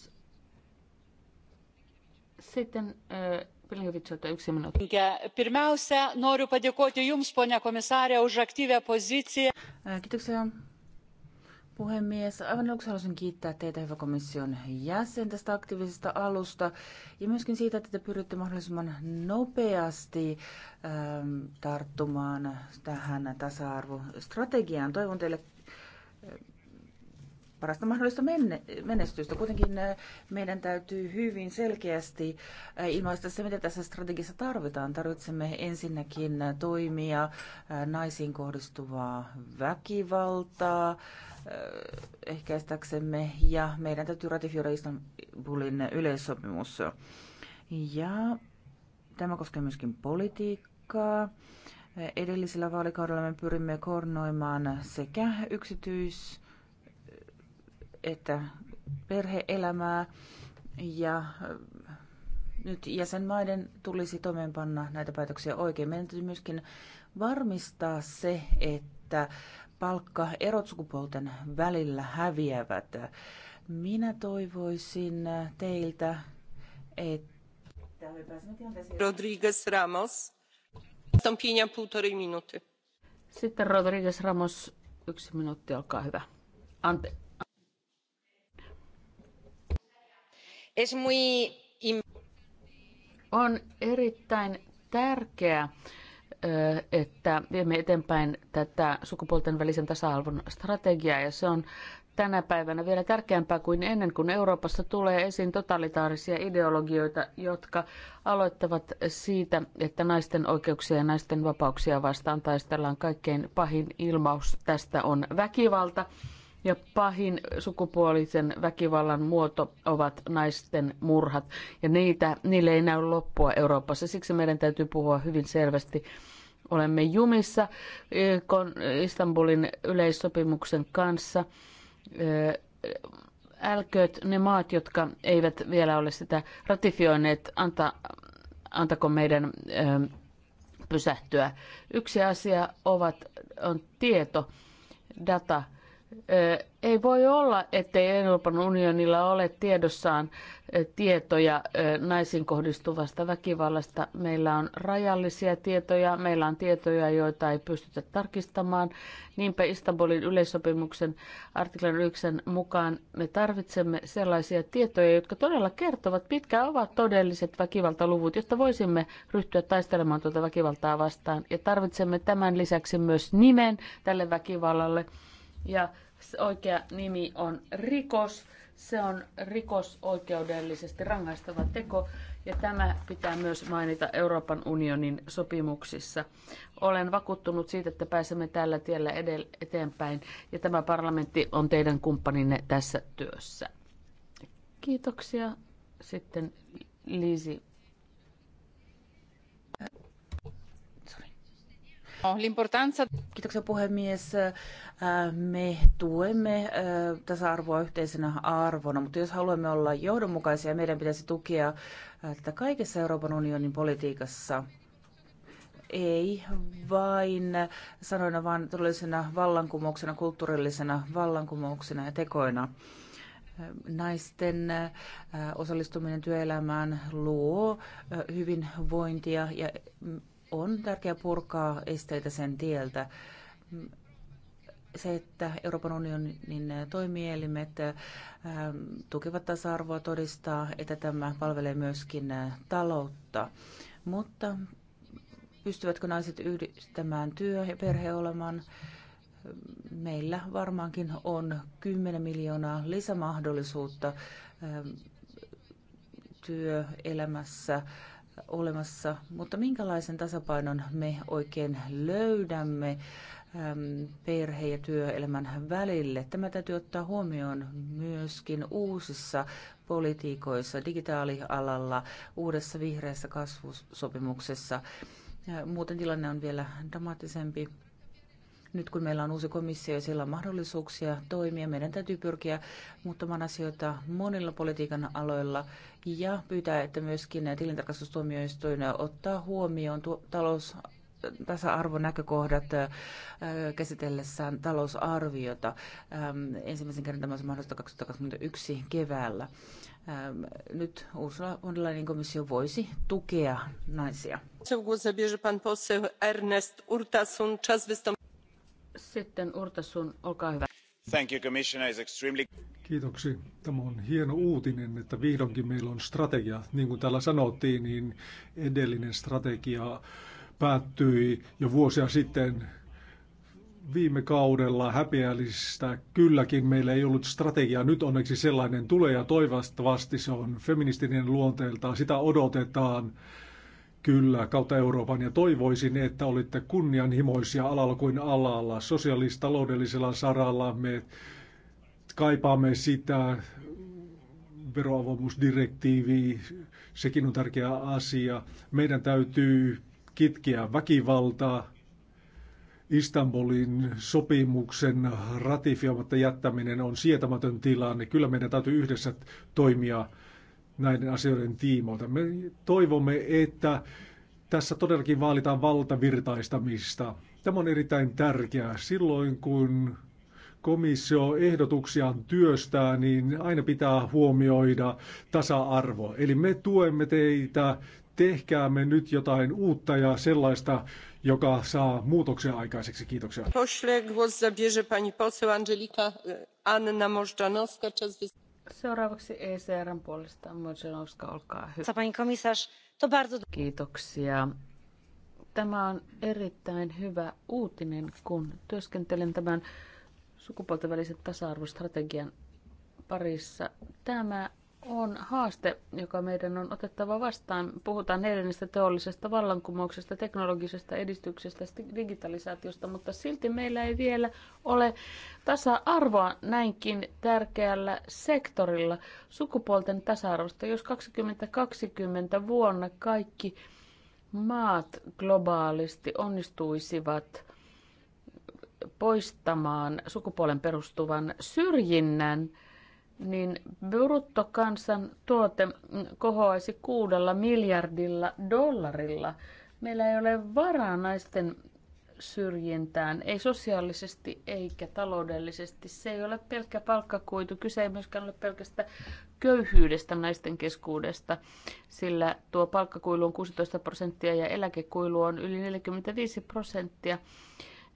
Sitten pirmiausia noriu padėkoti jums ponia komisare už aktyvę poziciją. Kiitoksia puhemies. Aivan aluksi haluaisin kiittää teitä hyvä komission jäsen tästä aktiivisesta alusta ja myöskin siitä, että te pyritte mahdollisimman nopeasti ähm, tarttumaan tähän tasa-arvostrategiaan. Toivon teille parasta mahdollista menestystä. Kuitenkin äh, meidän täytyy hyvin selkeästi äh, ilmaista se, mitä tässä strategiassa tarvitaan. Tarvitsemme ensinnäkin äh, toimia naisiin kohdistuvaa väkivaltaa ehkäistäksemme ja meidän täytyy ratifioida Istanbulin yleissopimus. Ja tämä koskee myöskin politiikkaa. Edellisellä vaalikaudella me pyrimme koordinoimaan sekä yksityis- että perhe perhe-elämää ja äh, nyt jäsenmaiden tulisi toimeenpanna näitä päätöksiä oikein. Meidän täytyy myöskin varmistaa se, että palkka sukupuolten välillä häviävät. Minä toivoisin teiltä, että... Rodriguez Ramos. Wystąpienia półtorej minuty. Sitten Rodriguez Ramos, yksi minuutti, olkaa hyvä. Ante, On erittäin tärkeää, että viemme eteenpäin tätä sukupuolten välisen tasa-arvon strategiaa ja se on tänä päivänä vielä tärkeämpää kuin ennen, kun Euroopassa tulee esiin totalitaarisia ideologioita, jotka aloittavat siitä, että naisten oikeuksia ja naisten vapauksia vastaan taistellaan. Kaikkein pahin ilmaus tästä on väkivalta. Ja pahin sukupuolisen väkivallan muoto ovat naisten murhat. Ja niitä, niille ei näy loppua Euroopassa. Siksi meidän täytyy puhua hyvin selvästi. Olemme jumissa eh, Istanbulin yleissopimuksen kanssa eh, älkööt ne maat, jotka eivät vielä ole sitä ratifioineet, anta, antako meidän ö, eh, pysähtyä. Yksi asia ovat, on tieto, data. Ei voi olla, ettei Euroopan unionilla ole tiedossaan tietoja naisiin kohdistuvasta väkivallasta. Meillä on rajallisia tietoja, meillä on tietoja, joita ei pystytä tarkistamaan. Niinpä Istanbulin yleissopimuksen artiklan 1 mukaan me tarvitsemme sellaisia tietoja, jotka todella kertovat, mitkä ovat todelliset väkivaltaluvut, jotta voisimme ryhtyä taistelemaan tuota väkivaltaa vastaan. Ja tarvitsemme tämän lisäksi myös nimen tälle väkivallalle ja oikea nimi on rikos. Se on rikosoikeudellisesti rangaistava teko ja tämä pitää myös mainita Euroopan unionin sopimuksissa. Olen vakuuttunut siitä, että pääsemme tällä tiellä edel- eteenpäin ja tämä parlamentti on teidän kumppaninne tässä työssä. Kiitoksia. Sitten Liisi Kiitoksia puhemies. Äh, me tuemme äh, tasa-arvoa yhteisenä arvona, mutta jos haluamme olla johdonmukaisia, meidän pitäisi tukea äh, tätä kaikessa Euroopan unionin politiikassa ei vain sanoina, vaan todellisena vallankumouksena, kulttuurillisena vallankumouksena ja tekoina. Naisten osallistuminen työelämään luo hyvinvointia ja mm, on tärkeää purkaa esteitä sen tieltä. Se, että Euroopan unionin toimielimet ähm, tukevat tasa-arvoa todistaa, että tämä palvelee myöskin äh, taloutta. Mutta pystyvätkö naiset yhdistämään työ- ja perheoleman? Meillä varmaankin on 10 miljoonaa lisämahdollisuutta ähm, työelämässä olemassa, mutta minkälaisen tasapainon me oikein löydämme ähm, perhe- ja työelämän välille. Tämä täytyy ottaa huomioon myöskin uusissa politiikoissa, digitaalialalla, uudessa vihreässä kasvusopimuksessa. Äh, muuten tilanne on vielä dramaattisempi. Nyt kun meillä on uusi komissio ja siellä on mahdollisuuksia toimia, meidän täytyy pyrkiä muuttamaan asioita monilla politiikan aloilla ja pyytää, että myöskin tilintarkastustuomioistuin ottaa huomioon talous tasa-arvonäkökohdat äh, käsitellessään talousarviota. Ähm, ensimmäisen kerran tämä on mahdollista 2021 keväällä. Ähm, nyt Ursula von der Leyenin komissio voisi tukea naisia. Ernest Urtasun. Sitten Urtasun, olkaa hyvä. Thank you, Commissioner. It's extremely... Kiitoksia. Tämä on hieno uutinen, että vihdoinkin meillä on strategia. Niin kuin täällä sanottiin, niin edellinen strategia päättyi jo vuosia sitten viime kaudella häpeällistä. Kylläkin meillä ei ollut strategiaa. Nyt onneksi sellainen tulee ja toivottavasti se on feministinen luonteeltaan. Sitä odotetaan Kyllä, kautta Euroopan ja toivoisin, että olitte kunnianhimoisia alalla kuin alalla. Sosiaalistaloudellisella saralla me kaipaamme sitä veroavomusdirektiiviä, sekin on tärkeä asia. Meidän täytyy kitkeä väkivaltaa, Istanbulin sopimuksen ratifioimatta jättäminen on sietämätön tilanne. Kyllä meidän täytyy yhdessä toimia näiden asioiden tiimoilta. Me toivomme, että tässä todellakin vaalitaan valtavirtaistamista. Tämä on erittäin tärkeää. Silloin kun komissio ehdotuksiaan työstää, niin aina pitää huomioida tasa-arvo. Eli me tuemme teitä, tehkäämme nyt jotain uutta ja sellaista, joka saa muutoksen aikaiseksi. Kiitoksia. Pośle głos zabierze pani poseł Angelika Anna Możdżanowska. Czas Seuraavaksi ECRn puolesta Mojenovska, olkaa hyvä. Kiitoksia. Tämä on erittäin hyvä uutinen, kun työskentelen tämän sukupuolten välisen tasa-arvostrategian parissa. Tämä on haaste, joka meidän on otettava vastaan. Puhutaan neljännestä teollisesta vallankumouksesta, teknologisesta edistyksestä, digitalisaatiosta, mutta silti meillä ei vielä ole tasa-arvoa näinkin tärkeällä sektorilla sukupuolten tasa-arvosta. Jos 2020 vuonna kaikki maat globaalisti onnistuisivat poistamaan sukupuolen perustuvan syrjinnän, niin bruttokansantuote kohoaisi kuudella miljardilla dollarilla. Meillä ei ole varaa naisten syrjintään, ei sosiaalisesti eikä taloudellisesti. Se ei ole pelkkä palkkakuitu, kyse ei myöskään ole pelkästä köyhyydestä naisten keskuudesta, sillä tuo palkkakuilu on 16 prosenttia ja eläkekuilu on yli 45 prosenttia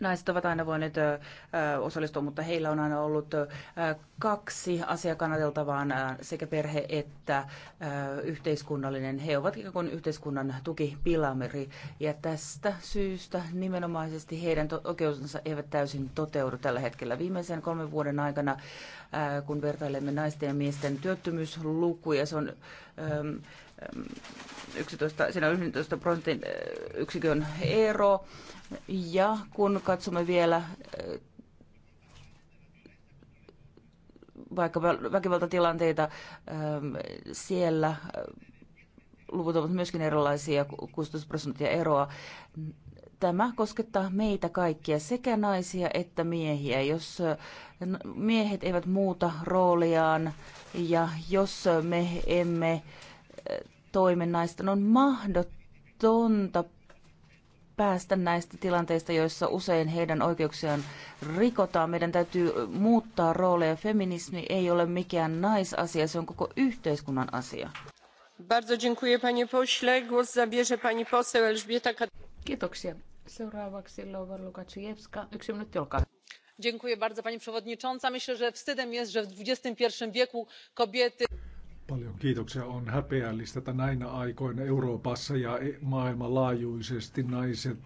Naiset ovat aina voineet osallistua, mutta heillä on aina ollut kaksi asiaa kannateltavaa, sekä perhe että yhteiskunnallinen. He ovat ikään kuin yhteiskunnan tukipilameri, ja tästä syystä nimenomaisesti heidän oikeutensa eivät täysin toteudu tällä hetkellä. Viimeisen kolmen vuoden aikana, kun vertailemme naisten ja miesten työttömyyslukuja, se on 11, siinä on 11 prosentin yksikön ero. Ja kun katsomme vielä vaikka väkivaltatilanteita siellä, luvut ovat myöskin erilaisia, 16 prosenttia eroa. Tämä koskettaa meitä kaikkia, sekä naisia että miehiä. Jos miehet eivät muuta rooliaan ja jos me emme toiminnaista. No on mahdotonta päästä näistä tilanteista, joissa usein heidän oikeuksiaan rikotaan. Meidän täytyy muuttaa rooleja. Feminismi ei ole mikään naisasia, se on koko yhteiskunnan asia. Kiitoksia. Seuraavaksi Louva Lukaczewska. Yksi minuutti, olkaa Dziękuję bardzo, pani przewodnicząca! myślę że wstydem jest że w xxi wieku kobiety. Paljon kiitoksia. On häpeällistä, että näinä aikoina Euroopassa ja e- maailmanlaajuisesti naiset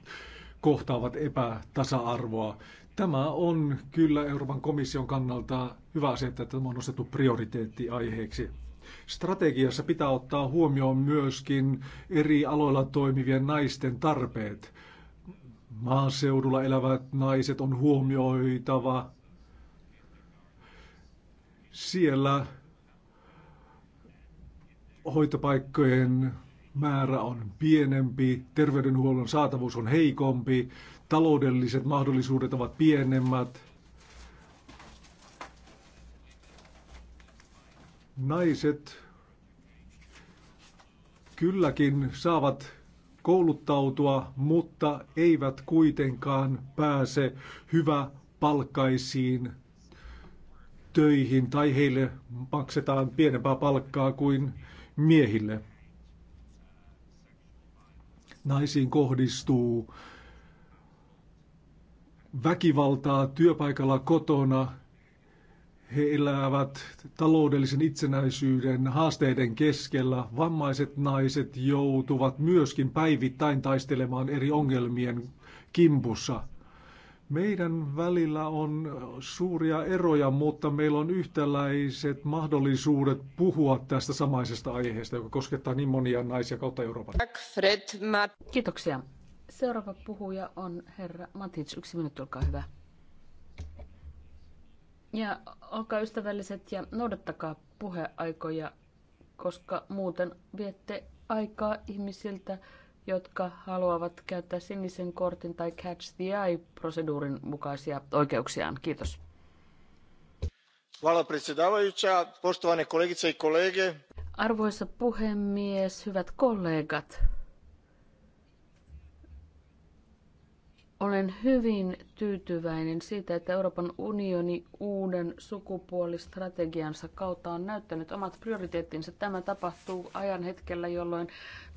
kohtaavat epätasa-arvoa. Tämä on kyllä Euroopan komission kannalta hyvä asia, että tämä on nostettu prioriteettiaiheeksi. Strategiassa pitää ottaa huomioon myöskin eri aloilla toimivien naisten tarpeet. Maaseudulla elävät naiset on huomioitava. Siellä hoitopaikkojen määrä on pienempi, terveydenhuollon saatavuus on heikompi, taloudelliset mahdollisuudet ovat pienemmät. Naiset kylläkin saavat kouluttautua, mutta eivät kuitenkaan pääse hyvä palkkaisiin töihin tai heille maksetaan pienempää palkkaa kuin miehille. Naisiin kohdistuu väkivaltaa työpaikalla kotona. He elävät taloudellisen itsenäisyyden haasteiden keskellä. Vammaiset naiset joutuvat myöskin päivittäin taistelemaan eri ongelmien kimpussa – meidän välillä on suuria eroja, mutta meillä on yhtäläiset mahdollisuudet puhua tästä samaisesta aiheesta, joka koskettaa niin monia naisia kautta Euroopan. Kiitoksia. Seuraava puhuja on herra Matic. Yksi minuutti, olkaa hyvä. Ja olkaa ystävälliset ja noudattakaa puheaikoja, koska muuten viette aikaa ihmisiltä, jotka haluavat käyttää sinisen kortin tai catch the eye-proseduurin mukaisia oikeuksiaan. Kiitos. Hvala predsjedavajuća, poštovane kolegice i kolege. Arvoisa puhemies, hyvät kollegat. Olen hyvin tyytyväinen siitä, että Euroopan unioni uuden sukupuolistrategiansa kautta on näyttänyt omat prioriteettinsa. Tämä tapahtuu ajan hetkellä, jolloin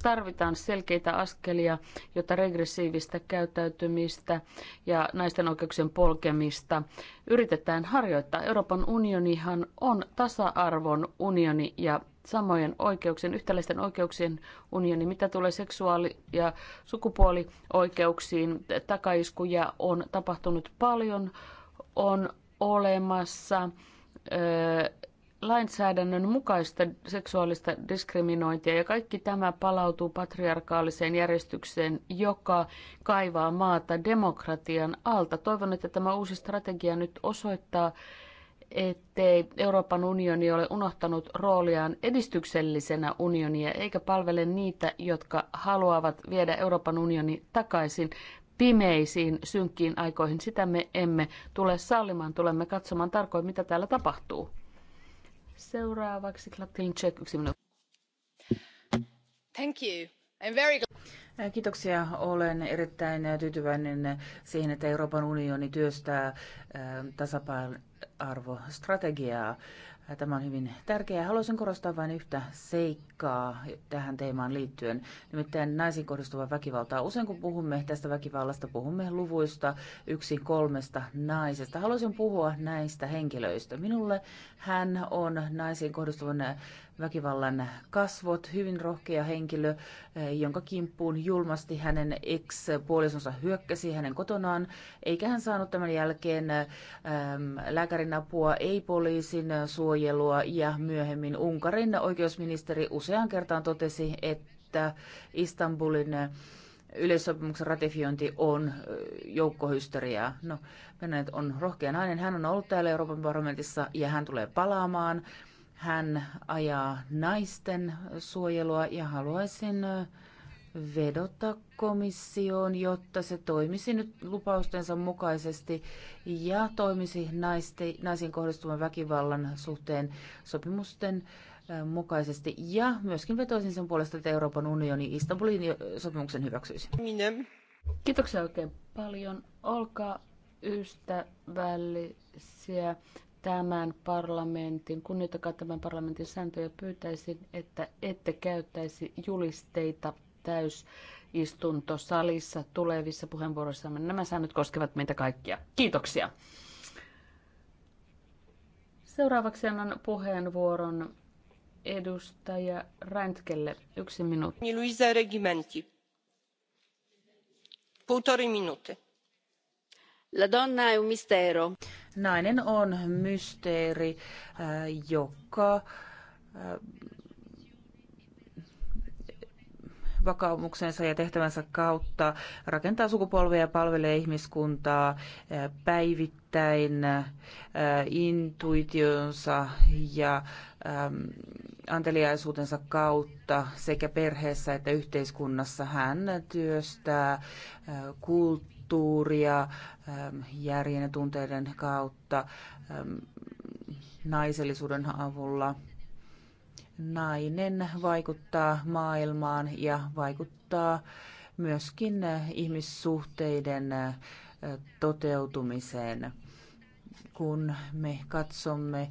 tarvitaan selkeitä askelia, jotta regressiivistä käyttäytymistä ja naisten oikeuksien polkemista yritetään harjoittaa. Euroopan unionihan on tasa-arvon unioni ja samojen oikeuksien, yhtäläisten oikeuksien unioni. Mitä tulee seksuaali- ja sukupuolioikeuksiin, takaiskuja on tapahtunut paljon, on olemassa ö, lainsäädännön mukaista seksuaalista diskriminointia ja kaikki tämä palautuu patriarkaaliseen järjestykseen, joka kaivaa maata demokratian alta. Toivon, että tämä uusi strategia nyt osoittaa, ettei Euroopan unioni ole unohtanut rooliaan edistyksellisenä unionia eikä palvele niitä, jotka haluavat viedä Euroopan unioni takaisin pimeisiin, synkkiin aikoihin. Sitä me emme tule sallimaan. Tulemme katsomaan tarkoin, mitä täällä tapahtuu. Seuraavaksi Klatin Check, yksi minuutti. Thank you. I'm very glad. Kiitoksia. Olen erittäin tyytyväinen siihen, että Euroopan unioni työstää tasapainoarvostrategiaa. strategiaa Tämä on hyvin tärkeää. Haluaisin korostaa vain yhtä seikkaa tähän teemaan liittyen, nimittäin naisiin kohdistuvaa väkivaltaa. Usein kun puhumme tästä väkivallasta, puhumme luvuista yksi kolmesta naisesta. Haluaisin puhua näistä henkilöistä. Minulle hän on naisiin kohdistuvan väkivallan kasvot, hyvin rohkea henkilö, eh, jonka kimppuun julmasti hänen ex-puolisonsa hyökkäsi hänen kotonaan, eikä hän saanut tämän jälkeen eh, lääkärin apua, ei poliisin suojelua, suojelua ja myöhemmin Unkarin oikeusministeri usean kertaan totesi, että Istanbulin yleissopimuksen ratifiointi on joukkohysteriaa. No, Venäjät on rohkea nainen. Hän on ollut täällä Euroopan parlamentissa ja hän tulee palaamaan. Hän ajaa naisten suojelua ja haluaisin vedota komissioon, jotta se toimisi nyt lupaustensa mukaisesti ja toimisi naisten, naisiin kohdistuvan väkivallan suhteen sopimusten mukaisesti. Ja myöskin vetoisin sen puolesta, että Euroopan unioni Istanbulin sopimuksen hyväksyisi. Minä. Kiitoksia oikein paljon. Olkaa ystävällisiä tämän parlamentin, kunnioittakaa tämän parlamentin sääntöjä, pyytäisin, että ette käyttäisi julisteita täysistuntosalissa tulevissa puheenvuoroissa. Nämä säännöt koskevat meitä kaikkia. Kiitoksia. Seuraavaksi annan puheenvuoron edustaja Räntkelle. Yksi minuutti. Luisa Regimenti. Puutori minuutti. La donna è un mistero. Nainen on mysteeri, äh, joka äh, vakaumuksensa ja tehtävänsä kautta rakentaa sukupolvia ja palvelee ihmiskuntaa päivittäin intuitionsa ja anteliaisuutensa kautta sekä perheessä että yhteiskunnassa. Hän työstää kulttuuria järjen ja tunteiden kautta naisellisuuden avulla – nainen vaikuttaa maailmaan ja vaikuttaa myöskin ihmissuhteiden toteutumiseen. Kun me katsomme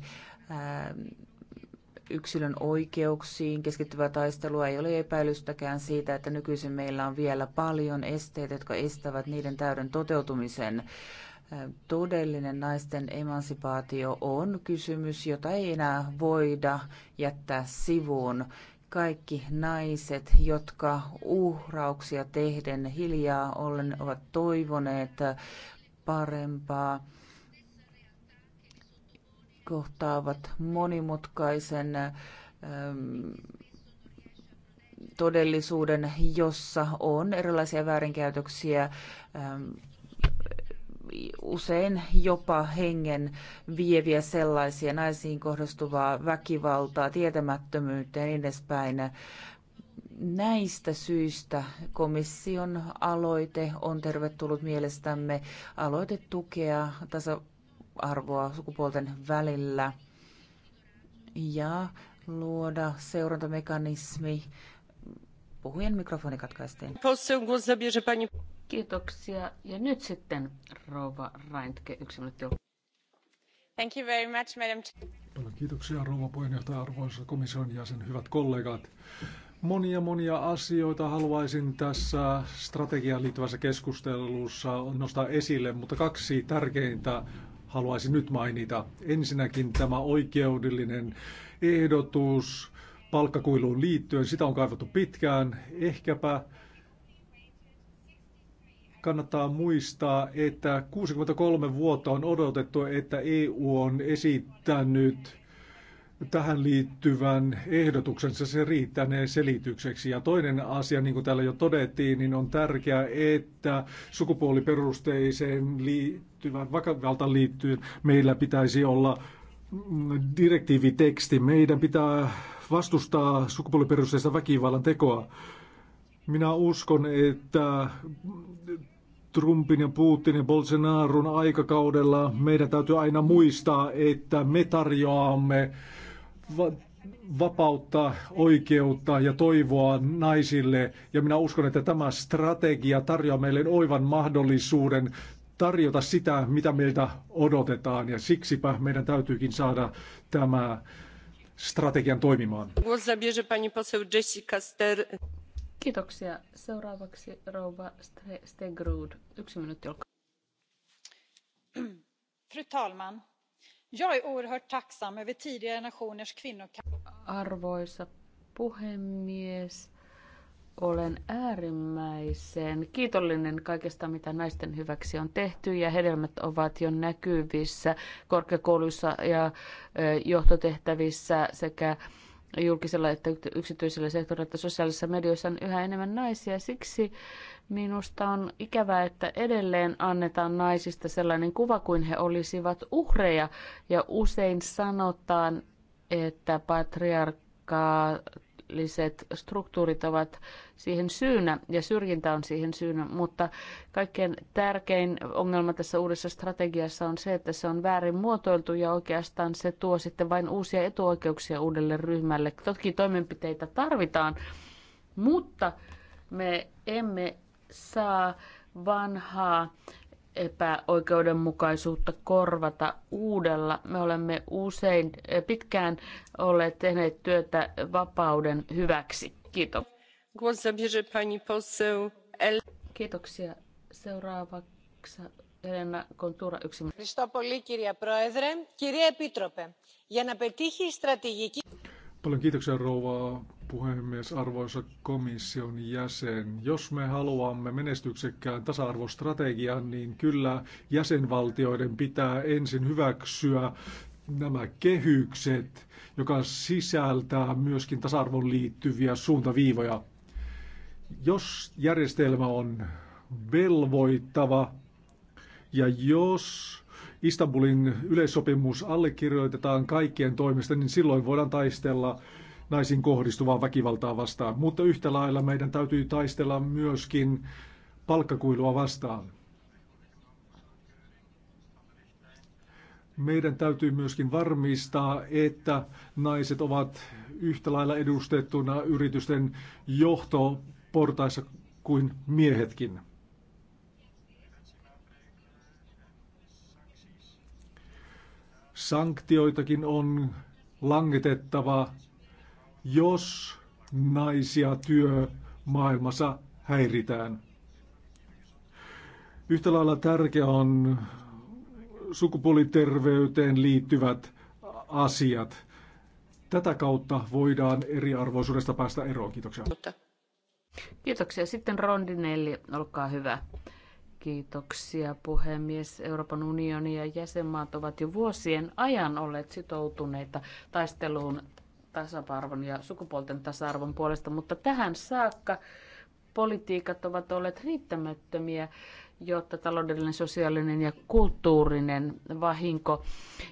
yksilön oikeuksiin keskittyvää taistelua ei ole epäilystäkään siitä, että nykyisin meillä on vielä paljon esteitä, jotka estävät niiden täyden toteutumisen todellinen naisten emansipaatio on kysymys, jota ei enää voida jättää sivuun. Kaikki naiset, jotka uhrauksia tehden hiljaa ollen ovat toivoneet parempaa, kohtaavat monimutkaisen ähm, todellisuuden, jossa on erilaisia väärinkäytöksiä, ähm, usein jopa hengen vieviä sellaisia naisiin kohdistuvaa väkivaltaa, tietämättömyyttä ja niin edespäin. Näistä syistä komission aloite on tervetullut mielestämme. Aloite tukea tasa-arvoa sukupuolten välillä ja luoda seurantamekanismi. Puhujen mikrofoni katkaistiin. Kiitoksia. Ja nyt sitten Rova Raintke, yksi minuutti. Thank you very much, madam. Paljon kiitoksia rouva puheenjohtaja, arvoisa komission jäsen, hyvät kollegat. Monia monia asioita haluaisin tässä strategiaan liittyvässä keskustelussa nostaa esille, mutta kaksi tärkeintä haluaisin nyt mainita. Ensinnäkin tämä oikeudellinen ehdotus palkkakuiluun liittyen, sitä on kaivattu pitkään. Ehkäpä kannattaa muistaa, että 63 vuotta on odotettu, että EU on esittänyt tähän liittyvän ehdotuksensa. Se riittänee selitykseksi. Ja toinen asia, niin kuin täällä jo todettiin, niin on tärkeää, että sukupuoliperusteiseen liittyvän vakavalta liittyen meillä pitäisi olla direktiiviteksti. Meidän pitää vastustaa sukupuoliperusteista väkivallan tekoa. Minä uskon, että Trumpin ja Putinin ja Bolsonaron aikakaudella meidän täytyy aina muistaa, että me tarjoamme va- vapautta, oikeutta ja toivoa naisille. Ja minä uskon, että tämä strategia tarjoaa meille oivan mahdollisuuden tarjota sitä, mitä meiltä odotetaan. Ja siksipä meidän täytyykin saada tämä strategian toimimaan. Kiitoksia. Seuraavaksi rouva Stegrud. Yksi minuutti, olkaa. Fru talman. Jag är oerhört tacksam över tidigare generationers kvinnokamp. Arvoisa puhemies, olen äärimmäisen kiitollinen kaikesta, mitä naisten hyväksi on tehty ja hedelmät ovat jo näkyvissä korkeakouluissa ja johtotehtävissä sekä julkisella että yksityisellä sektorilla että sosiaalisessa mediassa on yhä enemmän naisia. Siksi minusta on ikävää, että edelleen annetaan naisista sellainen kuva kuin he olisivat uhreja. Ja usein sanotaan, että patriarkkaa sosiaaliset struktuurit ovat siihen syynä ja syrjintä on siihen syynä, mutta kaikkein tärkein ongelma tässä uudessa strategiassa on se, että se on väärin muotoiltu ja oikeastaan se tuo sitten vain uusia etuoikeuksia uudelle ryhmälle. Toki toimenpiteitä tarvitaan, mutta me emme saa vanhaa epäoikeudenmukaisuutta korvata uudella. Me olemme usein eh, pitkään olleet tehneet työtä vapauden hyväksi. Kiitos. Kiitoksia. Seuraavaksi Elena Kontura, yksi minuutti. για να πετύχει η στρατηγική... Paljon kiitoksia rouva puhemies, arvoisa komission jäsen. Jos me haluamme menestyksekkään tasa-arvostrategian, niin kyllä jäsenvaltioiden pitää ensin hyväksyä nämä kehykset, joka sisältää myöskin tasa-arvon liittyviä suuntaviivoja. Jos järjestelmä on velvoittava ja jos Istanbulin yleissopimus allekirjoitetaan kaikkien toimesta, niin silloin voidaan taistella naisiin kohdistuvaa väkivaltaa vastaan. Mutta yhtä lailla meidän täytyy taistella myöskin palkkakuilua vastaan. Meidän täytyy myöskin varmistaa, että naiset ovat yhtä lailla edustettuna yritysten johtoportaissa kuin miehetkin. Sanktioitakin on langetettava, jos naisia työmaailmassa häiritään. Yhtä lailla tärkeä on sukupuoliterveyteen liittyvät asiat. Tätä kautta voidaan eriarvoisuudesta päästä eroon. Kiitoksia. Kiitoksia. Sitten Rondinelli, olkaa hyvä. Kiitoksia puhemies. Euroopan unioni ja jäsenmaat ovat jo vuosien ajan olleet sitoutuneita taisteluun tasa-arvon ja sukupuolten tasa-arvon puolesta, mutta tähän saakka politiikat ovat olleet riittämättömiä, jotta taloudellinen, sosiaalinen ja kulttuurinen vahinko,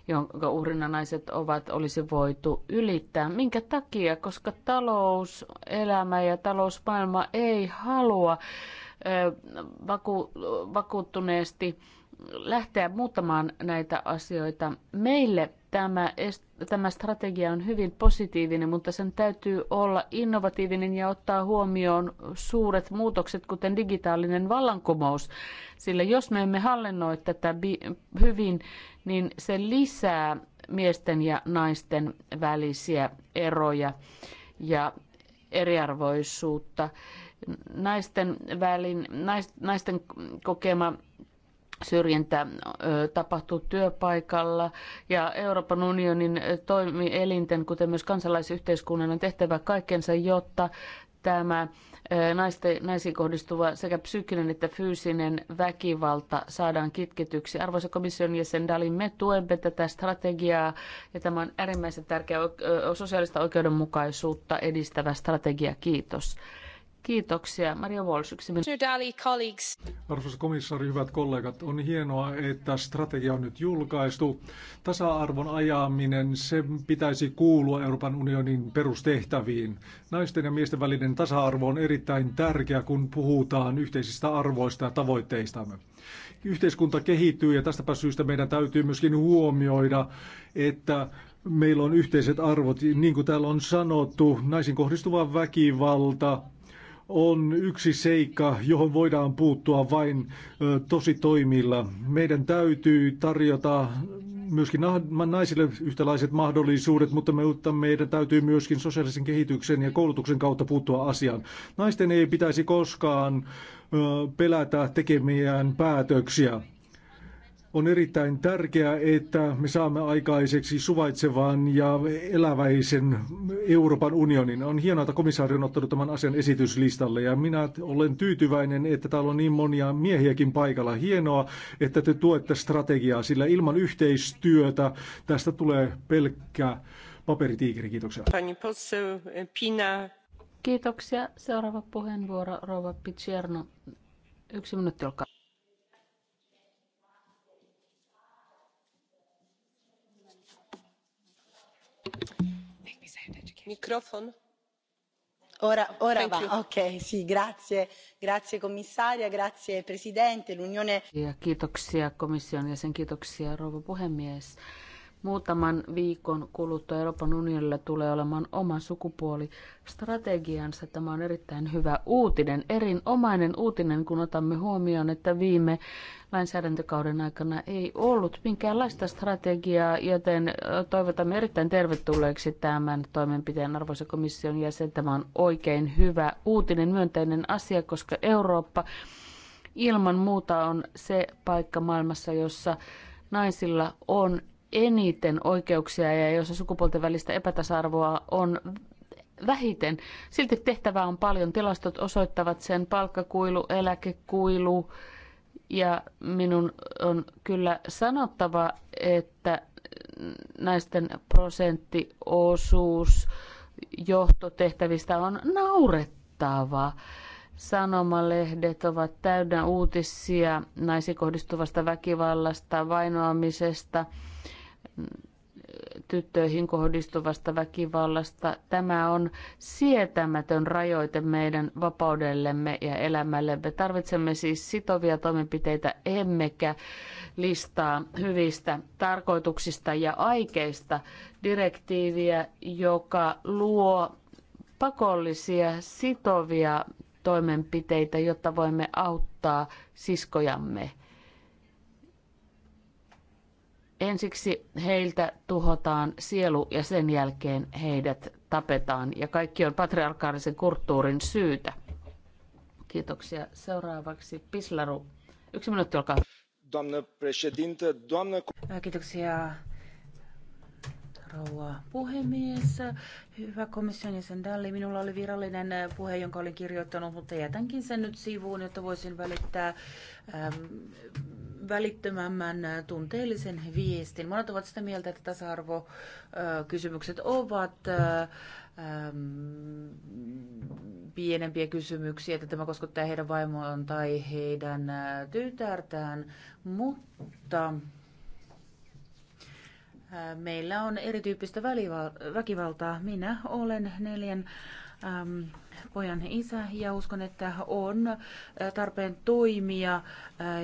jonka uhrina naiset ovat, olisi voitu ylittää. Minkä takia? Koska talouselämä ja talousmaailma ei halua vaku, vakuuttuneesti lähteä muuttamaan näitä asioita. Meille tämä, tämä strategia on hyvin positiivinen, mutta sen täytyy olla innovatiivinen ja ottaa huomioon suuret muutokset, kuten digitaalinen vallankumous. Sillä jos me emme hallinnoi tätä hyvin, niin se lisää miesten ja naisten välisiä eroja ja eriarvoisuutta. Naisten, välin, naisten kokema syrjintä tapahtuu työpaikalla ja Euroopan unionin toimielinten, kuten myös kansalaisyhteiskunnan, on tehtävä kaikkensa, jotta tämä naisten, naisiin kohdistuva sekä psyykkinen että fyysinen väkivalta saadaan kitketyksi. Arvoisa komission jäsen Dalin, me tuemme tätä strategiaa ja tämä on äärimmäisen tärkeä sosiaalista oikeudenmukaisuutta edistävä strategia. Kiitos. Kiitoksia. Maria Arvoisa komissaari, hyvät kollegat, on hienoa, että strategia on nyt julkaistu. Tasa-arvon ajaminen, sen pitäisi kuulua Euroopan unionin perustehtäviin. Naisten ja miesten välinen tasa-arvo on erittäin tärkeä, kun puhutaan yhteisistä arvoista ja tavoitteistamme. Yhteiskunta kehittyy ja tästäpä syystä meidän täytyy myöskin huomioida, että meillä on yhteiset arvot. Niin kuin täällä on sanottu, naisin kohdistuva väkivalta, on yksi seikka, johon voidaan puuttua vain tosi toimilla. Meidän täytyy tarjota myöskin naisille yhtälaiset mahdollisuudet, mutta meidän täytyy myöskin sosiaalisen kehityksen ja koulutuksen kautta puuttua asiaan. Naisten ei pitäisi koskaan pelätä tekemiään päätöksiä. On erittäin tärkeää, että me saamme aikaiseksi suvaitsevan ja eläväisen Euroopan unionin. On hienoa, että komissaari on ottanut tämän asian esityslistalle ja minä olen tyytyväinen, että täällä on niin monia miehiäkin paikalla. Hienoa, että te tuette strategiaa, sillä ilman yhteistyötä tästä tulee pelkkä paperitiikeri. Kiitoksia. Kiitoksia. Seuraava puheenvuoro, rouva Picerno. Yksi minuutti, olkaa. kiitoksia komission jäsen kiitoksia rouva puhemies Muutaman viikon kuluttua Euroopan unionilla tulee olemaan oma sukupuolistrategiansa. Tämä on erittäin hyvä uutinen, erinomainen uutinen, kun otamme huomioon, että viime lainsäädäntökauden aikana ei ollut minkäänlaista strategiaa, joten toivotamme erittäin tervetulleeksi tämän toimenpiteen arvoisa komission jäsen. Tämä on oikein hyvä uutinen, myönteinen asia, koska Eurooppa ilman muuta on se paikka maailmassa, jossa naisilla on eniten oikeuksia ja joissa sukupuolten välistä epätasa-arvoa on vähiten. Silti tehtävää on paljon. Tilastot osoittavat sen palkkakuilu, eläkekuilu. Ja minun on kyllä sanottava, että naisten prosenttiosuus johtotehtävistä on naurettava. Sanomalehdet ovat täynnä uutisia naisiin kohdistuvasta väkivallasta, vainoamisesta – tyttöihin kohdistuvasta väkivallasta. Tämä on sietämätön rajoite meidän vapaudellemme ja elämällemme. Tarvitsemme siis sitovia toimenpiteitä, emmekä listaa hyvistä tarkoituksista ja aikeista direktiiviä, joka luo pakollisia sitovia toimenpiteitä, jotta voimme auttaa siskojamme Ensiksi heiltä tuhotaan sielu ja sen jälkeen heidät tapetaan. Ja kaikki on patriarkaalisen kulttuurin syytä. Kiitoksia. Seuraavaksi Pislaru. Yksi minuutti, olkaa hyvä. Doamnă doamnă... Kiitoksia rouva puhemies. Hyvä komission jäsen Dalli, minulla oli virallinen puhe, jonka olin kirjoittanut, mutta jätänkin sen nyt sivuun, jotta voisin välittää ähm, välittömämmän tunteellisen viestin. Monet ovat sitä mieltä, että tasa-arvokysymykset äh, ovat äh, ähm, pienempiä kysymyksiä, että tämä koskettaa heidän vaimoaan tai heidän äh, tytärtään, mutta Äh, meillä on erityyppistä väkivaltaa. Minä olen neljän äm, pojan isä ja uskon, että on äh, tarpeen toimia äh,